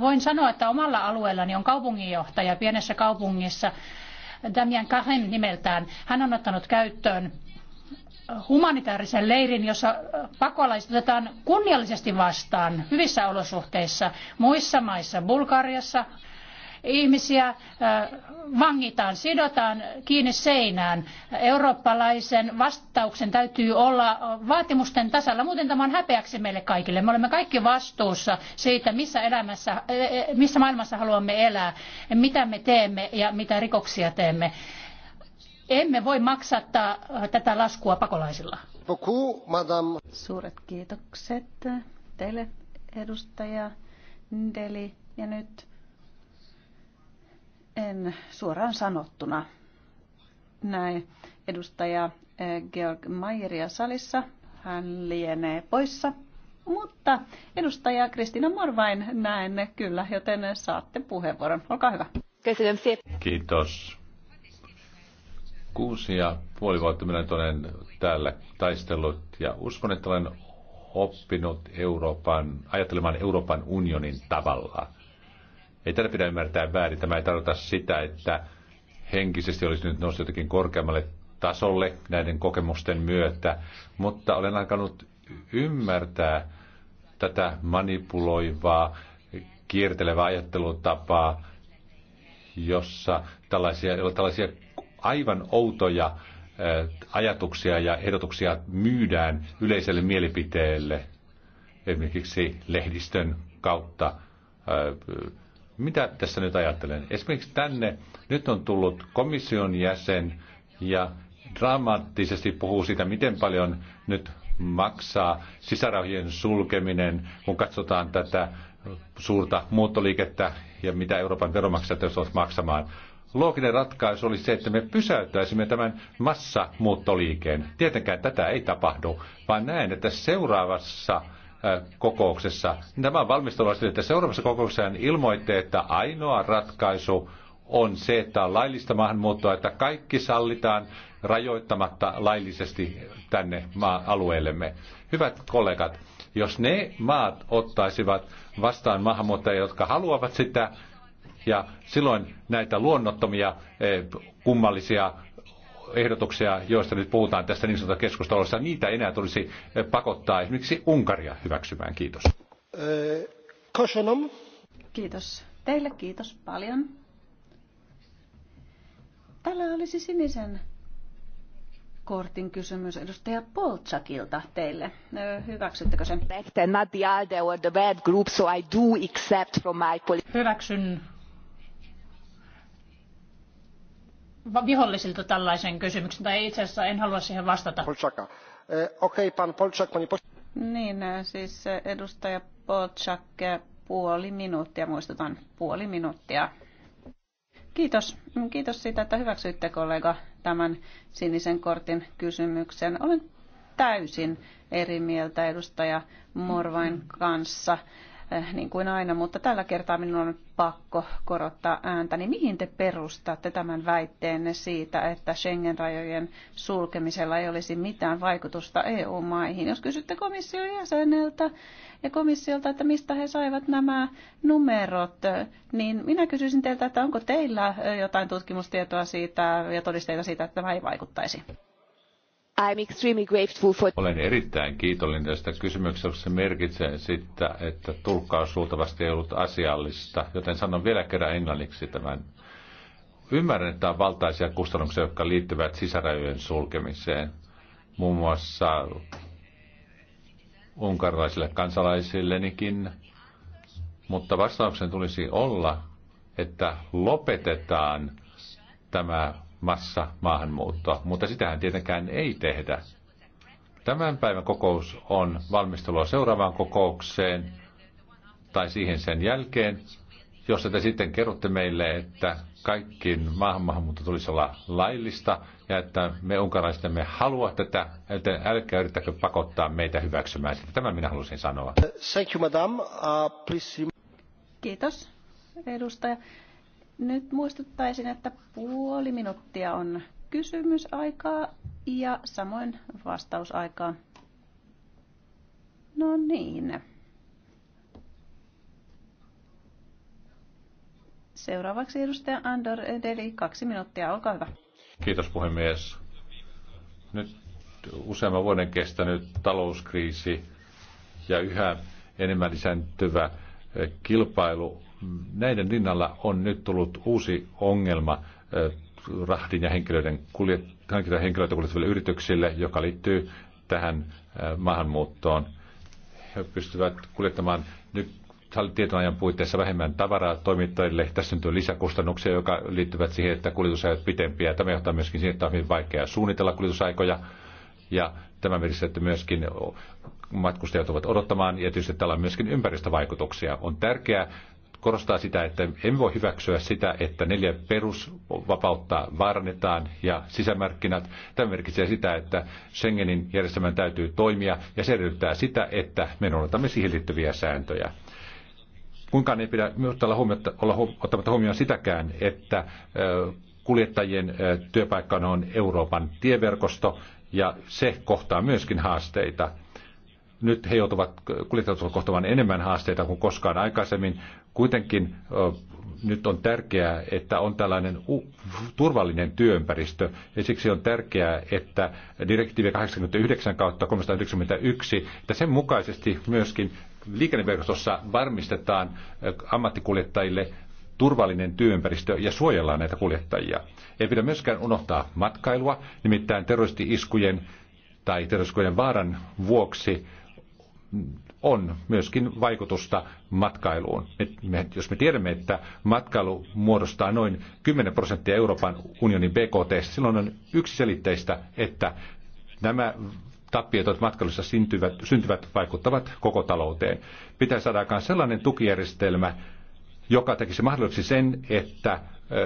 Voin sanoa, että omalla alueellani on kaupunginjohtaja pienessä kaupungissa, Damian Kahem nimeltään. Hän on ottanut käyttöön humanitaarisen leirin, jossa pakolaiset otetaan kunniallisesti vastaan hyvissä olosuhteissa. Muissa maissa, Bulgariassa, Ihmisiä äh, vangitaan, sidotaan kiinni seinään. Eurooppalaisen vastauksen täytyy olla vaatimusten tasalla, muuten tämä on häpeäksi meille kaikille. Me olemme kaikki vastuussa siitä, missä, elämässä, e, e, missä maailmassa haluamme elää, mitä me teemme ja mitä rikoksia teemme. Emme voi maksattaa äh, tätä laskua pakolaisilla. Suuret kiitokset teille, edustaja Deli. Ja nyt en suoraan sanottuna näe edustaja eh, Georg Mayeria salissa. Hän lienee poissa. Mutta edustaja Kristina Morvain näen kyllä, joten saatte puheenvuoron. Olkaa hyvä. Kiitos. Kuusi ja puoli vuotta minä olen täällä taistellut ja uskon, että olen oppinut Euroopan, ajattelemaan Euroopan unionin tavalla – ei tätä pidä ymmärtää väärin. Tämä ei tarkoita sitä, että henkisesti olisi nyt noussut jotenkin korkeammalle tasolle näiden kokemusten myötä, mutta olen alkanut ymmärtää tätä manipuloivaa, kiertelevää ajattelutapaa, jossa tällaisia, jolla tällaisia aivan outoja äh, ajatuksia ja ehdotuksia myydään yleiselle mielipiteelle, esimerkiksi lehdistön kautta äh, mitä tässä nyt ajattelen? Esimerkiksi tänne nyt on tullut komission jäsen ja dramaattisesti puhuu siitä, miten paljon nyt maksaa sisärahojen sulkeminen, kun katsotaan tätä suurta muuttoliikettä ja mitä Euroopan veromaksajat ovat maksamaan. Looginen ratkaisu oli se, että me pysäyttäisimme tämän massamuuttoliikeen. Tietenkään tätä ei tapahdu, vaan näen, että seuraavassa kokouksessa. Tämä on valmistelua sitten että seuraavassa kokouksessa hän ilmoitti, että ainoa ratkaisu on se, että on laillista maahanmuuttoa, että kaikki sallitaan rajoittamatta laillisesti tänne maa-alueellemme. Hyvät kollegat, jos ne maat ottaisivat vastaan maahanmuuttajia, jotka haluavat sitä, ja silloin näitä luonnottomia kummallisia ehdotuksia, joista nyt puhutaan tässä niin sanotussa keskustelussa, niitä enää tulisi pakottaa esimerkiksi Unkaria hyväksymään. Kiitos. Äh, kiitos teille, kiitos paljon. Täällä olisi sinisen kortin kysymys edustaja Poltsakilta teille. Äh, hyväksyttekö sen? Hyväksyn vihollisilta tällaisen kysymyksen, tai itse asiassa en halua siihen vastata. Polchaka. Eh, Okei, okay, pan Polchak, pani Niin, e, siis e, edustaja Polchak, e, puoli minuuttia, muistutan, puoli minuuttia. Kiitos. Mm, kiitos siitä, että hyväksyitte kollega tämän sinisen kortin kysymyksen. Olen täysin eri mieltä edustaja Morvain kanssa. Äh, niin kuin aina, mutta tällä kertaa minun on pakko korottaa ääntä. Niin mihin te perustatte tämän väitteenne siitä, että Schengen-rajojen sulkemisella ei olisi mitään vaikutusta EU-maihin? Jos kysytte komission jäseneltä ja komissiolta, että mistä he saivat nämä numerot, niin minä kysyisin teiltä, että onko teillä jotain tutkimustietoa siitä ja todisteita siitä, että tämä ei vaikuttaisi? I'm extremely grateful for... Olen erittäin kiitollinen tästä kysymyksestä. Se merkitsee sitä, että tulkkaus luultavasti ei ollut asiallista, joten sanon vielä kerran englanniksi tämän. Ymmärrän, että on valtaisia kustannuksia, jotka liittyvät sisärajojen sulkemiseen. Muun muassa unkarilaisille kansalaisillenikin. Mutta vastauksen tulisi olla, että lopetetaan tämä massa maahanmuuttoa, mutta sitähän tietenkään ei tehdä. Tämän päivän kokous on valmistelua seuraavaan kokoukseen tai siihen sen jälkeen, jossa te sitten kerrotte meille, että kaikkiin maahanmuutto tulisi olla laillista ja että me unkaraiset me halua tätä, että älkää yrittäkö pakottaa meitä hyväksymään sitä. Tämän minä halusin sanoa. Thank you, madam. Uh, please... Kiitos, edustaja. Nyt muistuttaisin, että puoli minuuttia on kysymysaikaa ja samoin vastausaikaa. No niin. Seuraavaksi edustaja Andor Edeli, kaksi minuuttia, olkaa hyvä. Kiitos puhemies. Nyt useamman vuoden kestänyt talouskriisi ja yhä enemmän lisääntyvä kilpailu näiden rinnalla on nyt tullut uusi ongelma rahdin ja henkilöiden kuljet, henkilöitä kuljettaville yrityksille, joka liittyy tähän maahanmuuttoon. He pystyvät kuljettamaan nyt tietoajan puitteissa vähemmän tavaraa toimittajille. Tässä syntyy lisäkustannuksia, jotka liittyvät siihen, että kuljetusajat pitempiä. Tämä johtaa myöskin siihen, että on hyvin vaikea suunnitella kuljetusaikoja. Ja tämä merkitsee, että myöskin matkustajat ovat odottamaan. Ja tietysti tällä on myöskin ympäristövaikutuksia. On tärkeää korostaa sitä, että emme voi hyväksyä sitä, että neljä perusvapautta vaarannetaan ja sisämarkkinat. Tämä merkitsee sitä, että Schengenin järjestelmän täytyy toimia ja se edellyttää sitä, että me noudatamme siihen liittyviä sääntöjä. Kuinkaan ei pidä huomiota, olla ottamatta huomioon sitäkään, että kuljettajien työpaikkana on Euroopan tieverkosto ja se kohtaa myöskin haasteita nyt he joutuvat kuljettajat kohtamaan enemmän haasteita kuin koskaan aikaisemmin, Kuitenkin nyt on tärkeää, että on tällainen turvallinen työympäristö, ja siksi on tärkeää, että direktiivi 89 kautta 391, että sen mukaisesti myöskin liikenneverkostossa varmistetaan ammattikuljettajille turvallinen työympäristö ja suojellaan näitä kuljettajia. Ei pidä myöskään unohtaa matkailua, nimittäin terroristi-iskujen tai terroristi vaaran vuoksi on myöskin vaikutusta matkailuun. jos me tiedämme, että matkailu muodostaa noin 10 prosenttia Euroopan unionin BKT, silloin on yksiselitteistä, että nämä tappiot, jotka matkailussa syntyvät, syntyvät, vaikuttavat koko talouteen. Pitää saada aikaan sellainen tukijärjestelmä, joka tekisi mahdolliseksi sen, että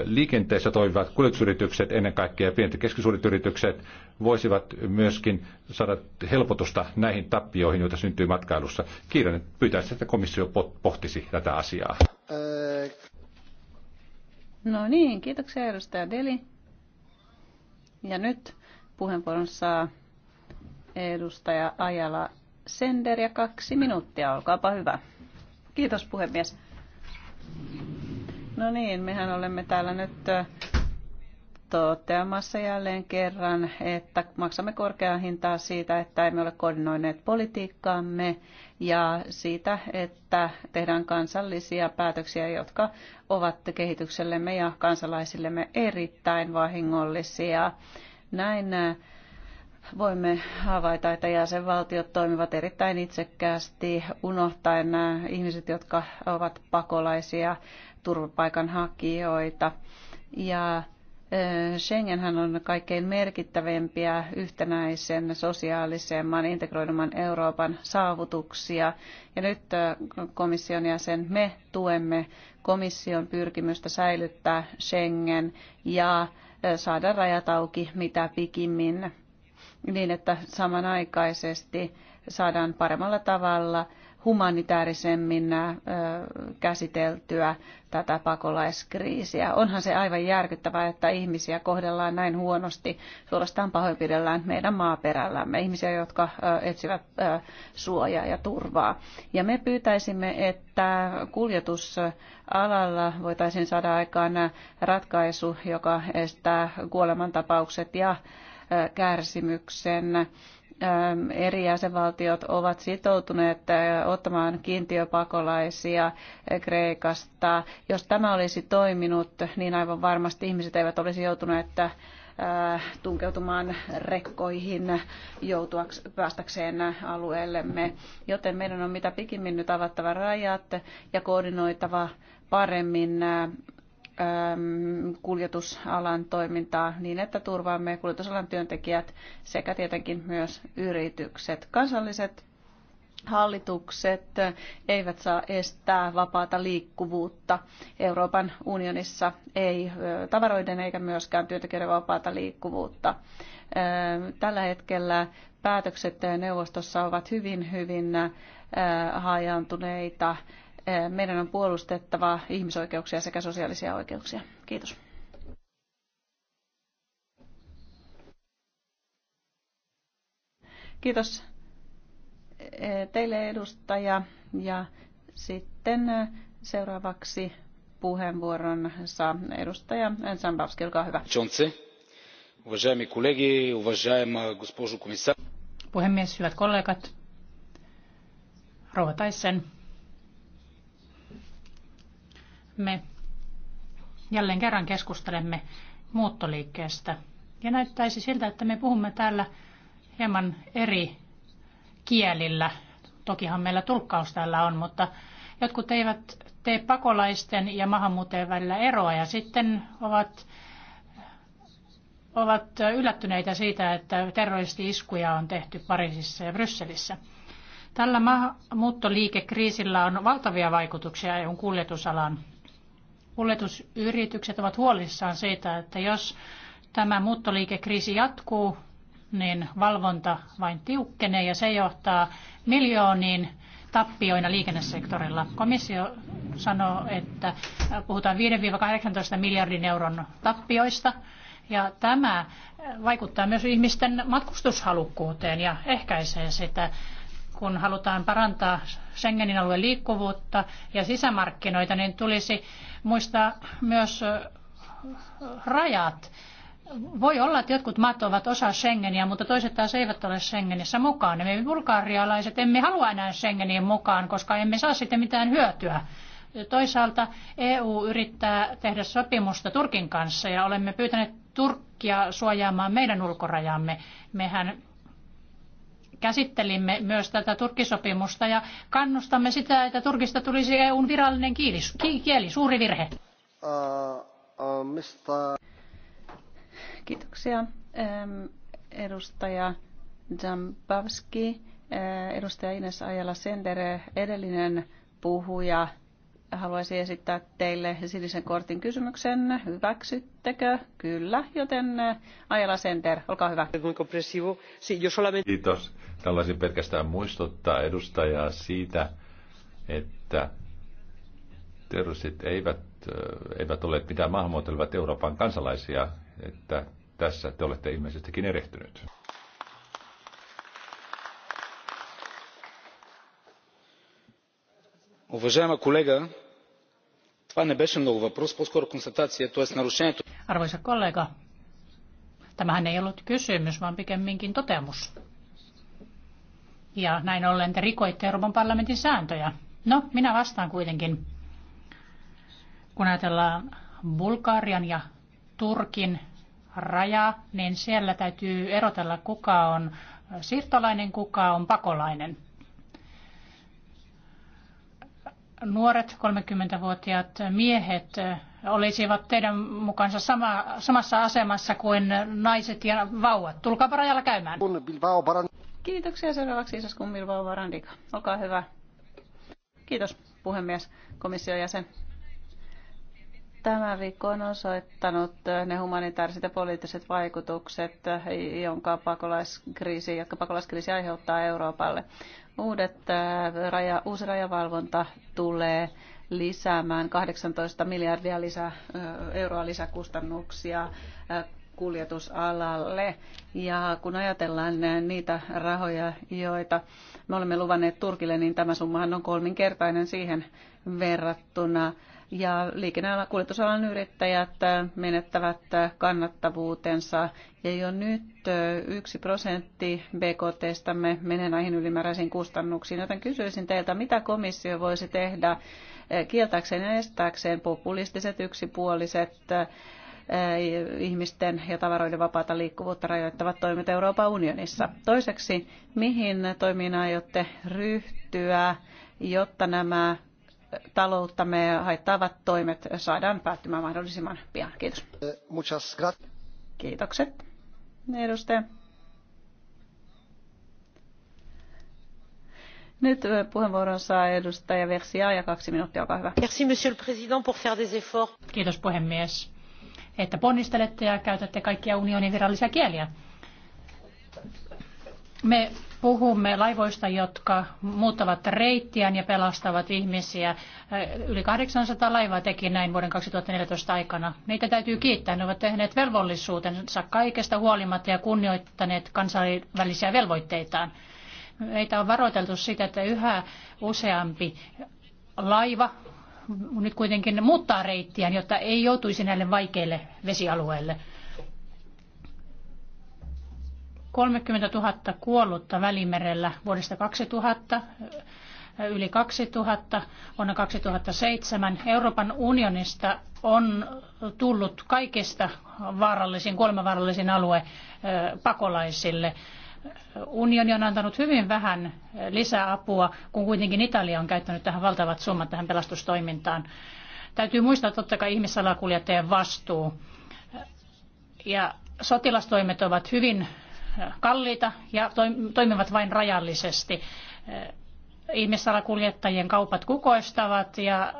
liikenteessä toimivat kuljetusyritykset, ennen kaikkea pienet ja keskisuuret yritykset, voisivat myöskin saada helpotusta näihin tappioihin, joita syntyy matkailussa. Kiitän, pyytäisin, että komissio pohtisi tätä asiaa. No niin, kiitoksia edustaja Deli. Ja nyt puheenvuoron saa edustaja Ajala Sender ja kaksi minuuttia, olkaapa hyvä. Kiitos puhemies. No niin, mehän olemme täällä nyt toteamassa jälleen kerran, että maksamme korkeaa hintaa siitä, että emme ole koordinoineet politiikkaamme ja siitä, että tehdään kansallisia päätöksiä, jotka ovat kehityksellemme ja kansalaisillemme erittäin vahingollisia. Näin voimme havaita, että jäsenvaltiot toimivat erittäin itsekkäästi, unohtaen nämä ihmiset, jotka ovat pakolaisia turvapaikanhakijoita. Ja Schengenhän on kaikkein merkittävimpiä yhtenäisen, sosiaalisemman, integroidumman Euroopan saavutuksia. Ja nyt komission jäsen, me tuemme komission pyrkimystä säilyttää Schengen ja saada rajat auki mitä pikimmin niin, että samanaikaisesti saadaan paremmalla tavalla – humanitaarisemmin käsiteltyä tätä pakolaiskriisiä. Onhan se aivan järkyttävää, että ihmisiä kohdellaan näin huonosti, suorastaan pahoinpidellään meidän maaperällämme, ihmisiä, jotka etsivät suojaa ja turvaa. Ja me pyytäisimme, että kuljetusalalla voitaisiin saada aikaan ratkaisu, joka estää kuolemantapaukset ja kärsimyksen Ähm, eri jäsenvaltiot ovat sitoutuneet äh, ottamaan kiintiöpakolaisia äh, Kreikasta. Jos tämä olisi toiminut, niin aivan varmasti ihmiset eivät olisi joutuneet äh, tunkeutumaan rekkoihin joutuaks, päästäkseen alueellemme. Joten meidän on mitä pikimmin nyt avattava rajat ja koordinoitava paremmin Ähm, kuljetusalan toimintaa niin, että turvaamme kuljetusalan työntekijät sekä tietenkin myös yritykset. Kansalliset hallitukset eivät saa estää vapaata liikkuvuutta. Euroopan unionissa ei tavaroiden eikä myöskään työntekijöiden vapaata liikkuvuutta. Ähm, tällä hetkellä päätökset neuvostossa ovat hyvin, hyvin hajaantuneita Eh, meidän on puolustettava ihmisoikeuksia sekä sosiaalisia oikeuksia. Kiitos. Kiitos eh, teille edustaja ja sitten eh, seuraavaksi puheenvuoron saa edustaja Sambavski, olkaa hyvä. Puhemies, hyvät kollegat, rouva Taisen, me jälleen kerran keskustelemme muuttoliikkeestä. Ja näyttäisi siltä, että me puhumme täällä hieman eri kielillä. Tokihan meillä tulkkaus täällä on, mutta jotkut eivät tee pakolaisten ja maahanmuuttajien välillä eroa ja sitten ovat, ovat yllättyneitä siitä, että terroristi-iskuja on tehty Pariisissa ja Brysselissä. Tällä maahanmuuttoliikekriisillä on valtavia vaikutuksia EUn kuljetusalaan Kuljetusyritykset ovat huolissaan siitä, että jos tämä muuttoliikekriisi jatkuu, niin valvonta vain tiukkenee ja se johtaa miljooniin tappioina liikennesektorilla. Komissio sanoo, että puhutaan 5-18 miljardin euron tappioista. Ja tämä vaikuttaa myös ihmisten matkustushalukkuuteen ja ehkäisee sitä kun halutaan parantaa Schengenin alueen liikkuvuutta ja sisämarkkinoita, niin tulisi muistaa myös rajat. Voi olla, että jotkut maat ovat osa Schengeniä, mutta toiset taas eivät ole Schengenissä mukaan. Me bulgarialaiset emme halua enää Schengeniin mukaan, koska emme saa sitten mitään hyötyä. Toisaalta EU yrittää tehdä sopimusta Turkin kanssa ja olemme pyytäneet Turkkia suojaamaan meidän ulkorajamme. Mehän käsittelimme myös tätä Turkkisopimusta ja kannustamme sitä, että Turkista tulisi EUn virallinen kieli. kieli suuri virhe. Uh, uh, mistä... Kiitoksia. Edustaja Jambavski, edustaja Ines Ajala-Sender, edellinen puhuja haluaisin esittää teille sinisen kortin kysymyksen. Hyväksyttekö? Kyllä, joten äh, Ajala Center, olkaa hyvä. Kiitos. Tällaisin pelkästään muistuttaa edustajaa siitä, että terroristit eivät, äh, eivät ole mitään maahanmuuttelevat Euroopan kansalaisia, että tässä te olette ilmeisestikin erehtynyt. Уважаема колега, това не беше много въпрос, по-скоро констатация, нарушението... Arvoisa kollega, tämähän ei ollut kysymys, vaan pikemminkin toteamus. Ja näin ollen te rikoitte Euroopan parlamentin sääntöjä. No, minä vastaan kuitenkin. Kun ajatellaan Bulgarian ja Turkin raja, niin siellä täytyy erotella, kuka on siirtolainen, kuka on pakolainen. nuoret 30-vuotiaat miehet olisivat teidän mukaansa sama, samassa asemassa kuin naiset ja vauvat. Tulkaapa rajalla käymään. Kiitoksia seuraavaksi Isaskun Bilbao Olkaa hyvä. Kiitos puhemies, komission jäsen. Tämä viikko on osoittanut ne humanitaariset ja poliittiset vaikutukset, jonka pakolaiskriisi, jotka pakolaiskriisi aiheuttaa Euroopalle. Uudet, äh, raja, uusi rajavalvonta tulee lisäämään 18 miljardia lisä, äh, euroa lisäkustannuksia äh, kuljetusalalle. Ja kun ajatellaan niitä rahoja, joita me olemme luvanneet Turkille, niin tämä summahan on kolminkertainen siihen verrattuna ja liikennealan kuljetusalan yrittäjät äh, menettävät äh, kannattavuutensa. Ja jo nyt äh, yksi prosentti BKTstämme menee näihin ylimääräisiin kustannuksiin, joten kysyisin teiltä, mitä komissio voisi tehdä kieltäkseen, ja estääkseen populistiset, yksipuoliset ihmisten ja tavaroiden vapaata liikkuvuutta rajoittavat toimet Euroopan unionissa. Toiseksi, mihin toimiin aiotte ryhtyä, jotta nämä talouttamme haittaavat toimet saadaan päättymään mahdollisimman pian. Kiitos. Kiitokset. Edustaja. Nyt puheenvuoron saa edustaja Versia ja kaksi minuuttia, olkaa hyvä. Merci, monsieur le président, pour faire des efforts. Kiitos puhemies, että ponnistelette ja käytätte kaikkia unionin virallisia kieliä. Me puhumme laivoista, jotka muuttavat reittiään ja pelastavat ihmisiä. Yli 800 laivaa teki näin vuoden 2014 aikana. Niitä täytyy kiittää. Ne ovat tehneet velvollisuutensa kaikesta huolimatta ja kunnioittaneet kansainvälisiä velvoitteitaan. Meitä on varoiteltu siitä, että yhä useampi laiva nyt kuitenkin muuttaa reittiään, jotta ei joutuisi näille vaikeille vesialueille. 30 000 kuollutta Välimerellä vuodesta 2000, yli 2000 vuonna 2007. Euroopan unionista on tullut kaikista vaarallisin, kuolemavaarallisin alue pakolaisille. Unioni on antanut hyvin vähän lisäapua, kun kuitenkin Italia on käyttänyt tähän valtavat summat tähän pelastustoimintaan. Täytyy muistaa totta kai ihmissalakuljettajan vastuu. Ja sotilastoimet ovat hyvin kalliita ja toimivat vain rajallisesti. Äh, ihmissalakuljettajien kaupat kukoistavat ja äh,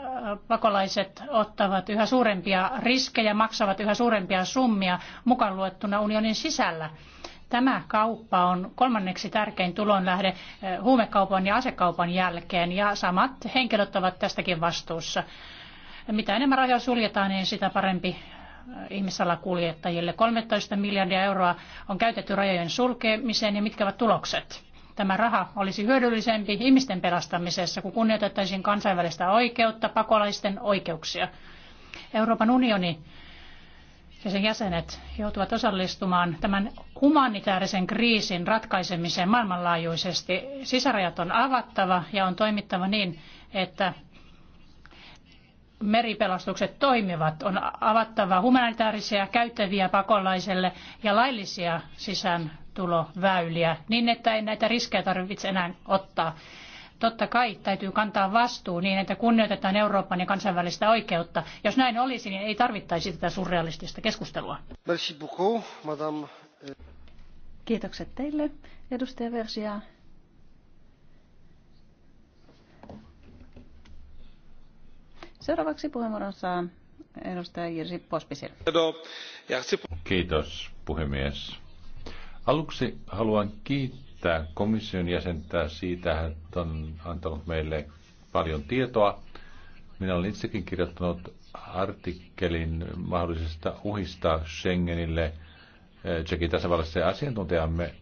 pakolaiset ottavat yhä suurempia riskejä, maksavat yhä suurempia summia mukaan luettuna unionin sisällä. Tämä kauppa on kolmanneksi tärkein tulonlähde äh, huumekaupan ja asekaupan jälkeen ja samat henkilöt ovat tästäkin vastuussa mitä enemmän rajoja suljetaan, niin sitä parempi ihmissalakuljettajille. 13 miljardia euroa on käytetty rajojen sulkemiseen ja mitkä ovat tulokset? Tämä raha olisi hyödyllisempi ihmisten pelastamisessa, kun kunnioitettaisiin kansainvälistä oikeutta, pakolaisten oikeuksia. Euroopan unioni ja sen jäsenet joutuvat osallistumaan tämän humanitaarisen kriisin ratkaisemiseen maailmanlaajuisesti. Sisärajat on avattava ja on toimittava niin, että meripelastukset toimivat. On avattava humanitaarisia käyttäviä pakolaiselle ja laillisia sisääntuloväyliä niin, että ei näitä riskejä tarvitse enää ottaa. Totta kai täytyy kantaa vastuu niin, että kunnioitetaan Euroopan ja kansainvälistä oikeutta. Jos näin olisi, niin ei tarvittaisi tätä surrealistista keskustelua. Merci beaucoup, madame. Kiitokset teille, edustaja Versia. Seuraavaksi puheenvuoron saa edustaja Jirsi Pospisil. Kiitos puhemies. Aluksi haluan kiittää komission jäsentää siitä, että on antanut meille paljon tietoa. Minä olen itsekin kirjoittanut artikkelin mahdollisista uhista Schengenille Tsekin tasavallassa ja asiantuntijamme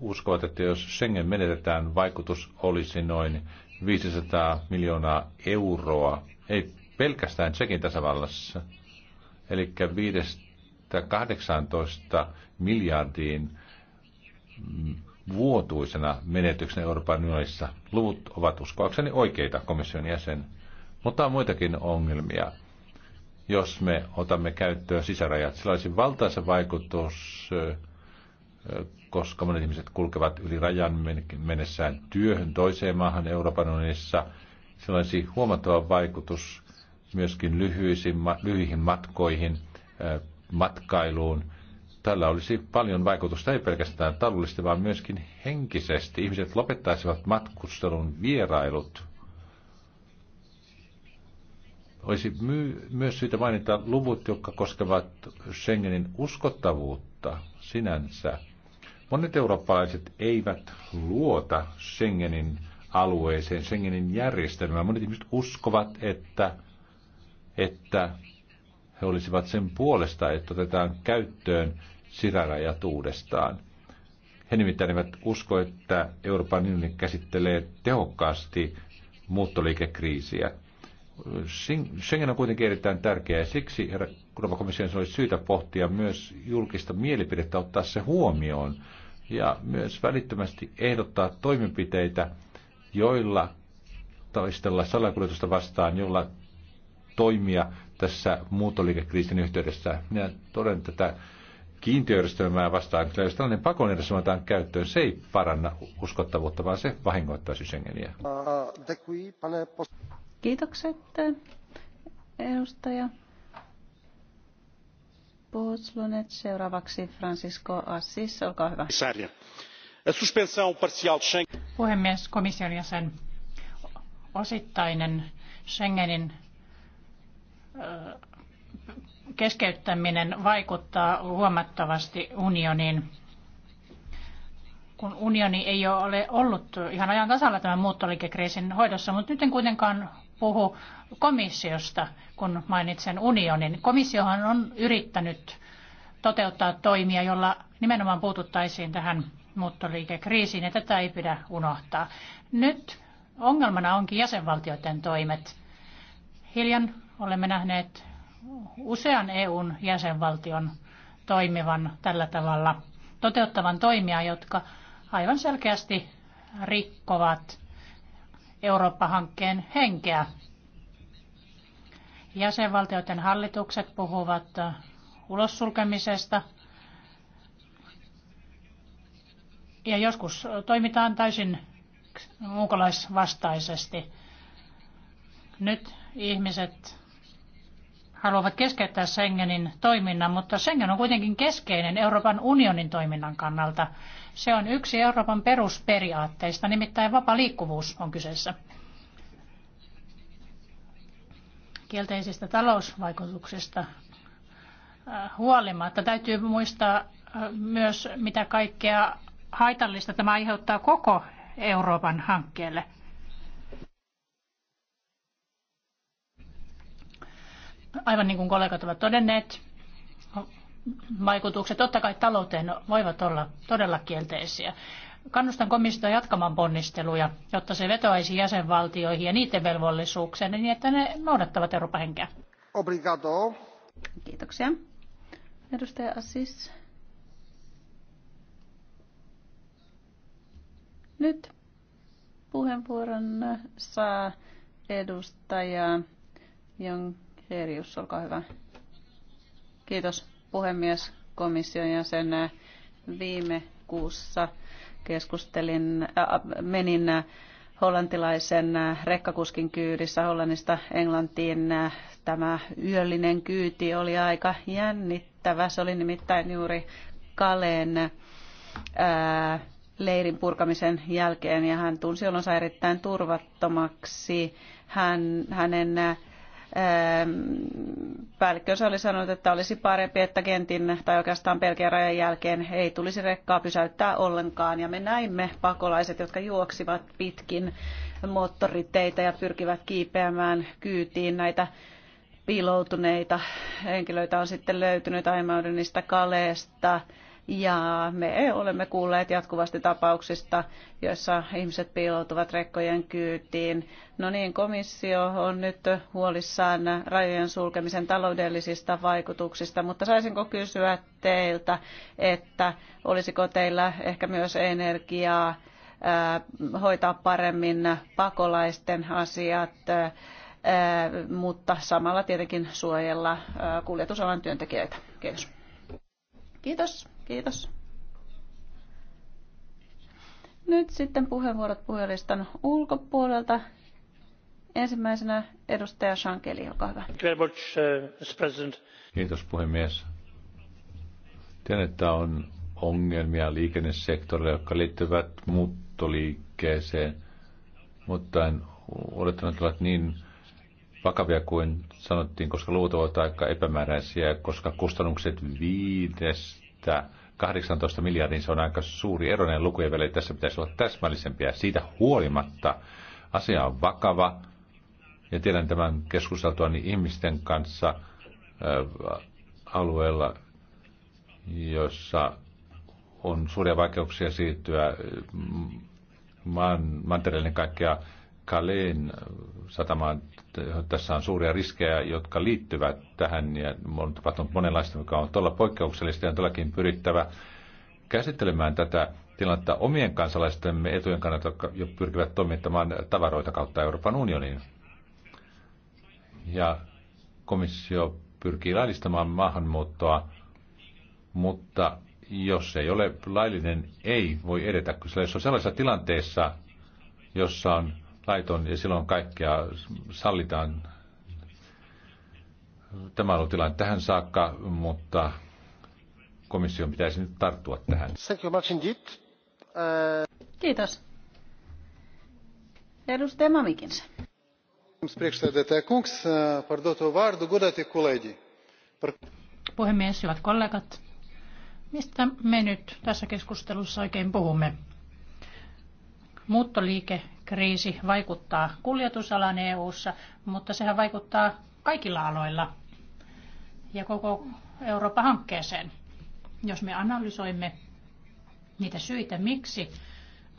uskovat, että jos Schengen menetetään, vaikutus olisi noin 500 miljoonaa euroa, ei pelkästään Tsekin tasavallassa, eli 5-18 miljardiin vuotuisena menetyksenä Euroopan unionissa. Luvut ovat uskoakseni oikeita komission jäsen, mutta on muitakin ongelmia. Jos me otamme käyttöön sisärajat, sillä olisi valtaisa vaikutus, koska monet ihmiset kulkevat yli rajan mennessään työhön toiseen maahan Euroopan unionissa. Sillä olisi huomattava vaikutus myöskin lyhyihin matkoihin, matkailuun. Tällä olisi paljon vaikutusta ei pelkästään taloudellisesti, vaan myöskin henkisesti. Ihmiset lopettaisivat matkustelun vierailut. Olisi my- myös syytä mainita luvut, jotka koskevat Schengenin uskottavuutta sinänsä. Monet eurooppalaiset eivät luota Schengenin alueeseen, Schengenin järjestelmään. Monet ihmiset uskovat, että että he olisivat sen puolesta, että otetaan käyttöön sisärajat uudestaan. He nimittäin eivät usko, että Euroopan unioni käsittelee tehokkaasti muuttoliikekriisiä. Schengen on kuitenkin erittäin tärkeä ja siksi Euroopan komission olisi syytä pohtia myös julkista mielipidettä, ottaa se huomioon ja myös välittömästi ehdottaa toimenpiteitä, joilla taistella salakuljetusta vastaan, jolla toimia tässä muuttoliikekriisin yhteydessä. Minä toden tätä kiintiöjärjestelmää vastaan, kyllä jos tällainen pakon otetaan käyttöön, se ei paranna uskottavuutta, vaan se vahingoittaa Schengeniä. Kiitokset, edustaja Potslunet. Seuraavaksi Francisco Assis, olkaa hyvä. Puhemies, komission jäsen. Osittainen Schengenin keskeyttäminen vaikuttaa huomattavasti unioniin. Kun unioni ei ole ollut ihan ajan tasalla tämän muuttoliikekriisin hoidossa, mutta nyt en kuitenkaan puhu komissiosta, kun mainitsen unionin. Komissiohan on yrittänyt toteuttaa toimia, jolla nimenomaan puututtaisiin tähän muuttoliikekriisiin, ja tätä ei pidä unohtaa. Nyt ongelmana onkin jäsenvaltioiden toimet. Hiljan Olemme nähneet usean EUn jäsenvaltion toimivan tällä tavalla, toteuttavan toimia, jotka aivan selkeästi rikkovat Eurooppa-hankkeen henkeä. Jäsenvaltioiden hallitukset puhuvat ulossulkemisesta, ja joskus toimitaan täysin muukalaisvastaisesti. Nyt ihmiset haluavat keskeyttää Schengenin toiminnan, mutta Schengen on kuitenkin keskeinen Euroopan unionin toiminnan kannalta. Se on yksi Euroopan perusperiaatteista, nimittäin vapaa liikkuvuus on kyseessä. Kielteisistä talousvaikutuksista äh, huolimatta täytyy muistaa äh, myös, mitä kaikkea haitallista tämä aiheuttaa koko Euroopan hankkeelle – Aivan niin kuin kollegat ovat todenneet, vaikutukset totta kai talouteen voivat olla todella kielteisiä. Kannustan komissiota jatkamaan ponnisteluja, jotta se vetoaisi jäsenvaltioihin ja niiden velvollisuukseen niin, että ne noudattavat Euroopan henkeä. Obrigado. Kiitoksia. Edustaja Assis. Nyt puheenvuoron saa edustaja Jong Eerius, olkaa hyvä. Kiitos puhemies komission jäsen. Viime kuussa keskustelin, äh, menin hollantilaisen rekkakuskin kyydissä Hollannista Englantiin. Tämä yöllinen kyyti oli aika jännittävä. Se oli nimittäin juuri Kaleen äh, leirin purkamisen jälkeen ja hän tunsi olonsa erittäin turvattomaksi. Hän, hänen Ehm, Päällikkö oli sanonut, että olisi parempi, että Gentin tai oikeastaan Belgian rajan jälkeen ei tulisi rekkaa pysäyttää ollenkaan. Ja me näimme pakolaiset, jotka juoksivat pitkin moottoriteitä ja pyrkivät kiipeämään kyytiin näitä piiloutuneita henkilöitä on sitten löytynyt Aimaudenista, Kaleesta, ja me olemme kuulleet jatkuvasti tapauksista, joissa ihmiset piiloutuvat rekkojen kyytiin. No niin, komissio on nyt huolissaan rajojen sulkemisen taloudellisista vaikutuksista, mutta saisinko kysyä teiltä, että olisiko teillä ehkä myös energiaa äh, hoitaa paremmin pakolaisten asiat, äh, mutta samalla tietenkin suojella äh, kuljetusalan työntekijöitä. Kiitos. Kiitos. Kiitos. Nyt sitten puheenvuorot puhelistan ulkopuolelta. Ensimmäisenä edustaja Shankeli, olkaa hyvä. Uh, Kiitos puhemies. Tiedän, että on ongelmia liikennesektorilla, jotka liittyvät muuttoliikkeeseen, mutta en että ovat niin vakavia kuin sanottiin, koska luvut ovat aika epämääräisiä, koska kustannukset viidestä 18 miljardin, se on aika suuri eroinen lukujen välillä. Tässä pitäisi olla täsmällisempiä. Siitä huolimatta asia on vakava. Ja tiedän tämän keskusteltua niin ihmisten kanssa ää, alueella, jossa on suuria vaikeuksia siirtyä maan, mantereelle kaikkea Kaleen satamaan. Tässä on suuria riskejä, jotka liittyvät tähän ja on tapahtunut monenlaista, mikä on todella poikkeuksellista ja on todellakin pyrittävä käsittelemään tätä tilannetta omien kansalaistemme etujen kannalta, jotka jo pyrkivät toimittamaan tavaroita kautta Euroopan unionin. Ja komissio pyrkii laillistamaan maahanmuuttoa, mutta jos ei ole laillinen, ei voi edetä, koska jos on sellaisessa tilanteessa, jossa on laiton ja silloin kaikkea sallitaan. Tämä on ollut tilanne tähän saakka, mutta komission pitäisi nyt tarttua tähän. Äh. Kiitos. Edustaja Mamikins. Äh, Puhemies, hyvät kollegat. Mistä me nyt tässä keskustelussa oikein puhumme? Muuttoliike kriisi vaikuttaa kuljetusalan EU:ssa, mutta sehän vaikuttaa kaikilla aloilla ja koko Euroopan hankkeeseen. Jos me analysoimme niitä syitä, miksi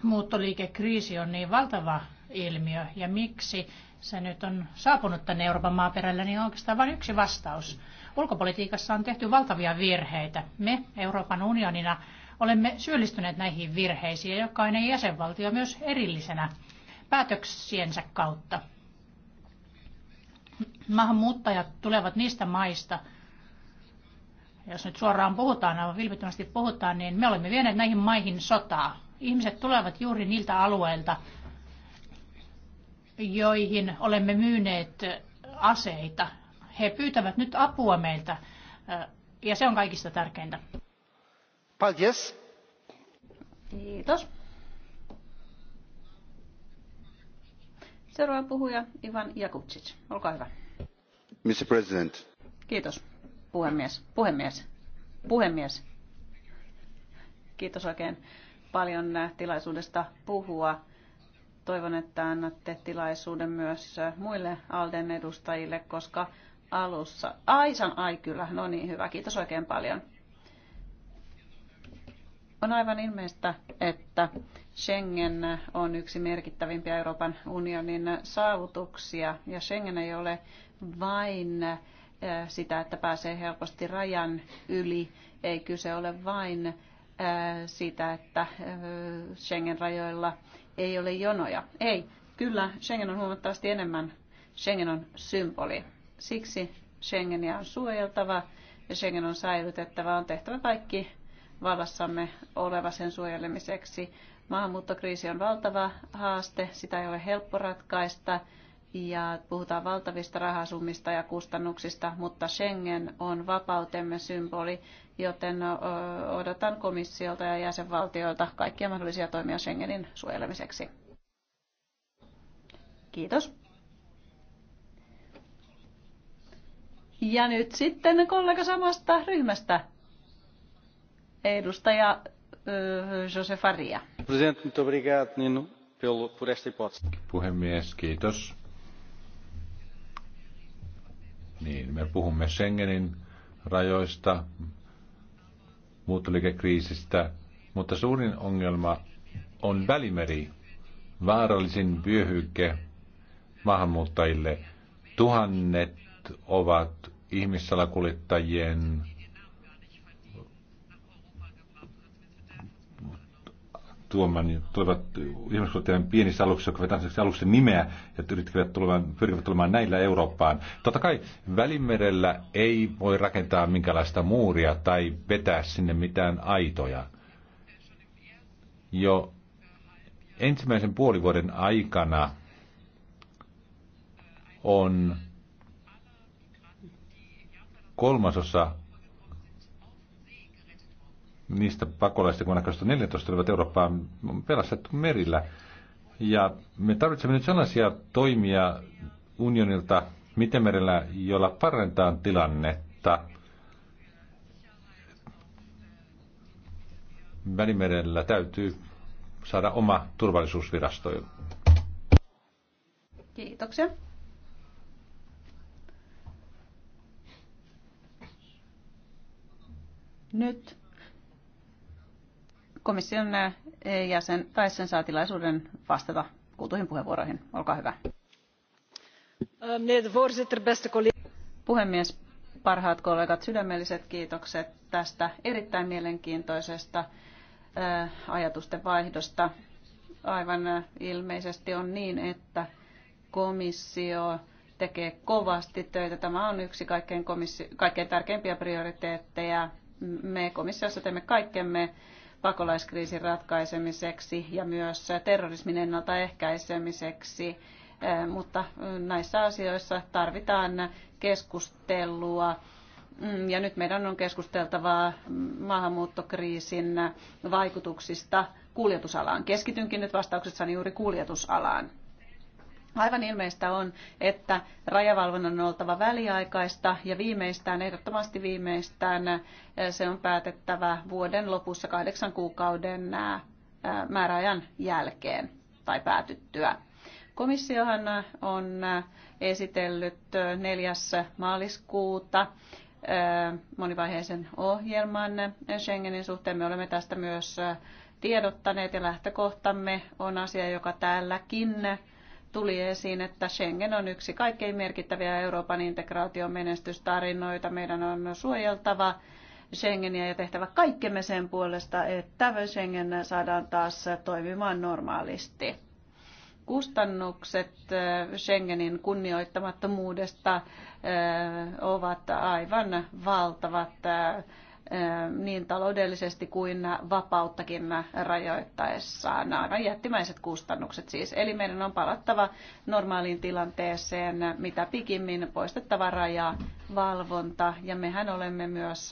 muuttoliikekriisi on niin valtava ilmiö ja miksi se nyt on saapunut tänne Euroopan maaperälle, niin on oikeastaan vain yksi vastaus. Ulkopolitiikassa on tehty valtavia virheitä. Me Euroopan unionina olemme syyllistyneet näihin virheisiin ja jokainen jäsenvaltio myös erillisenä päätöksiensä kautta. Maahanmuuttajat tulevat niistä maista, jos nyt suoraan puhutaan, aivan vilpittömästi puhutaan, niin me olemme vieneet näihin maihin sotaa. Ihmiset tulevat juuri niiltä alueilta, joihin olemme myyneet aseita. He pyytävät nyt apua meiltä, ja se on kaikista tärkeintä. Paldies. Kiitos. Seuraava puhuja Ivan Jakutsic. Olkaa hyvä. Mr. President. Kiitos, puhemies. Puhemies. Puhemies. Kiitos oikein paljon tilaisuudesta puhua. Toivon, että annatte tilaisuuden myös muille Alden edustajille, koska alussa. aisan ai kyllä, no niin hyvä, kiitos oikein paljon. On aivan ilmeistä, että Schengen on yksi merkittävimpiä Euroopan unionin saavutuksia ja Schengen ei ole vain eh, sitä, että pääsee helposti rajan yli. Ei kyse ole vain eh, sitä, että eh, Schengen-rajoilla ei ole jonoja. Ei, kyllä Schengen on huomattavasti enemmän. Schengen on symboli. Siksi Schengenia on suojeltava ja Schengen on säilytettävä. On tehtävä kaikki vallassamme oleva sen suojelemiseksi. Maahanmuuttokriisi on valtava haaste, sitä ei ole helppo ratkaista ja puhutaan valtavista rahasummista ja kustannuksista, mutta Schengen on vapautemme symboli, joten odotan komissiolta ja jäsenvaltioilta kaikkia mahdollisia toimia Schengenin suojelemiseksi. Kiitos. Ja nyt sitten kollega samasta ryhmästä. Edustaja Jose Faria. Puhemies, kiitos. Niin, me puhumme Schengenin rajoista, muuttoliikekriisistä, mutta suurin ongelma on välimeri, vaarallisin vyöhyke maahanmuuttajille. Tuhannet ovat ihmissalakuljettajien niin tulevat ihmiskuluttajan pienissä aluksissa, jotka vetävät aluksen nimeä ja yrittävät tulemaan, pyrkivät tulemaan näillä Eurooppaan. Totta kai Välimerellä ei voi rakentaa minkälaista muuria tai vetää sinne mitään aitoja. Jo ensimmäisen puolivuoden aikana on kolmasosa niistä pakolaisista vuonna 2014 tulivat Eurooppaan pelastettu merillä. Ja me tarvitsemme nyt sellaisia toimia unionilta Mitemerellä, jolla parantaa tilannetta. Välimerellä täytyy saada oma turvallisuusvirasto. Kiitoksia. Nyt komission eh, jäsen sen saa tilaisuuden vastata kuultuihin puheenvuoroihin. Olkaa hyvä. Eh, Puhemies, parhaat kollegat, sydämelliset kiitokset tästä erittäin mielenkiintoisesta eh, ajatusten vaihdosta. Aivan ilmeisesti on niin, että komissio tekee kovasti töitä. Tämä on yksi kaikkein, komissi- kaikkein tärkeimpiä prioriteetteja. Me komissiossa teemme kaikkemme pakolaiskriisin ratkaisemiseksi ja myös terrorismin ennaltaehkäisemiseksi. Eh, mutta eh, näissä asioissa tarvitaan keskustelua mm, ja nyt meidän on keskusteltavaa maahanmuuttokriisin vaikutuksista kuljetusalaan. Keskitynkin nyt vastauksessani juuri kuljetusalaan. Aivan ilmeistä on, että rajavalvonnan on oltava väliaikaista ja viimeistään, ehdottomasti viimeistään, eh, se on päätettävä vuoden lopussa kahdeksan kuukauden eh, määräajan jälkeen tai päätyttyä. Komissiohan eh, on esitellyt 4. maaliskuuta monivaiheisen ohjelman Schengenin suhteen. Me olemme tästä myös tiedottaneet ja lähtökohtamme on asia, joka täälläkin tuli esiin, että Schengen on yksi kaikkein merkittäviä Euroopan integraation menestystarinoita. Meidän on suojeltava Schengeniä ja tehtävä kaikkemme sen puolesta, että Schengen saadaan taas toimimaan normaalisti. Kustannukset äh, Schengenin kunnioittamattomuudesta äh, ovat aivan valtavat äh, niin taloudellisesti kuin vapauttakin rajoittaessaan. Aina jättimäiset kustannukset siis. Eli meidän on palattava normaaliin tilanteeseen mitä pikimmin poistettava raja, valvonta ja mehän olemme myös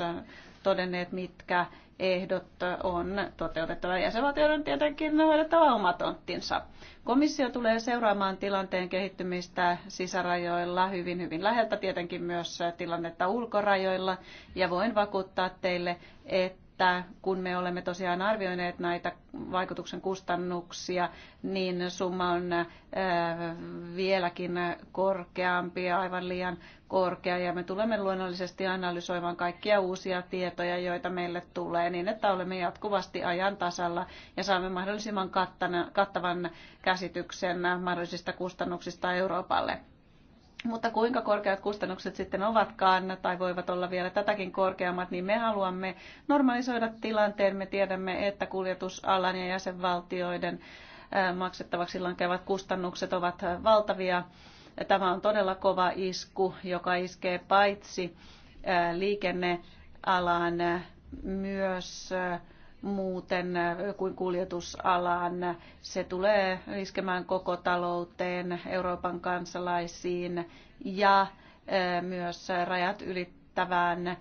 todenneet, mitkä ehdot on toteutettava jäsenvaltioiden tietenkin hoidettava oma tonttinsa. Komissio tulee seuraamaan tilanteen kehittymistä sisärajoilla hyvin hyvin läheltä, tietenkin myös tilannetta ulkorajoilla, ja voin vakuuttaa teille, että että kun me olemme tosiaan arvioineet näitä vaikutuksen kustannuksia, niin summa on äh, vieläkin korkeampi, aivan liian korkea, ja me tulemme luonnollisesti analysoimaan kaikkia uusia tietoja, joita meille tulee, niin että olemme jatkuvasti ajan tasalla ja saamme mahdollisimman kattavan käsityksen mahdollisista kustannuksista Euroopalle. Mutta kuinka korkeat kustannukset sitten ovatkaan tai voivat olla vielä tätäkin korkeammat, niin me haluamme normalisoida tilanteen. Me tiedämme, että kuljetusalan ja jäsenvaltioiden maksettavaksi lankeavat kustannukset ovat valtavia. Tämä on todella kova isku, joka iskee paitsi liikennealan myös muuten äh, kuin kuljetusalan. Se tulee iskemään koko talouteen, Euroopan kansalaisiin ja äh, myös rajat ylittävään äh,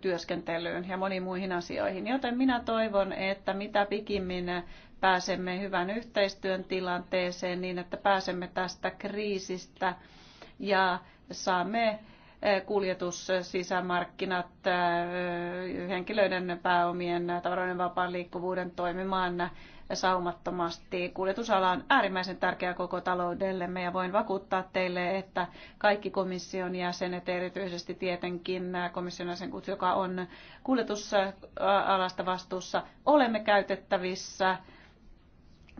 työskentelyyn ja moniin muihin asioihin. Joten minä toivon, että mitä pikimmin pääsemme hyvän yhteistyön tilanteeseen niin, että pääsemme tästä kriisistä ja saamme kuljetus, sisämarkkinat, eh, henkilöiden pääomien, tavaroiden vapaan liikkuvuuden toimimaan saumattomasti. Kuljetusala on äärimmäisen tärkeä koko taloudellemme ja voin vakuuttaa teille, että kaikki komission jäsenet, erityisesti tietenkin komission jäsenkut, joka on kuljetusalasta vastuussa, olemme käytettävissä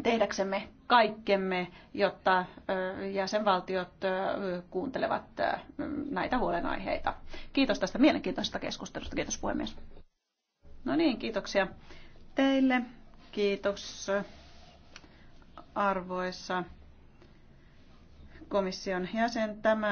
tehdäksemme kaikkemme, jotta jäsenvaltiot kuuntelevat näitä huolenaiheita. Kiitos tästä mielenkiintoisesta keskustelusta. Kiitos puhemies. No niin, kiitoksia teille. Kiitos arvoissa komission jäsen. Tämä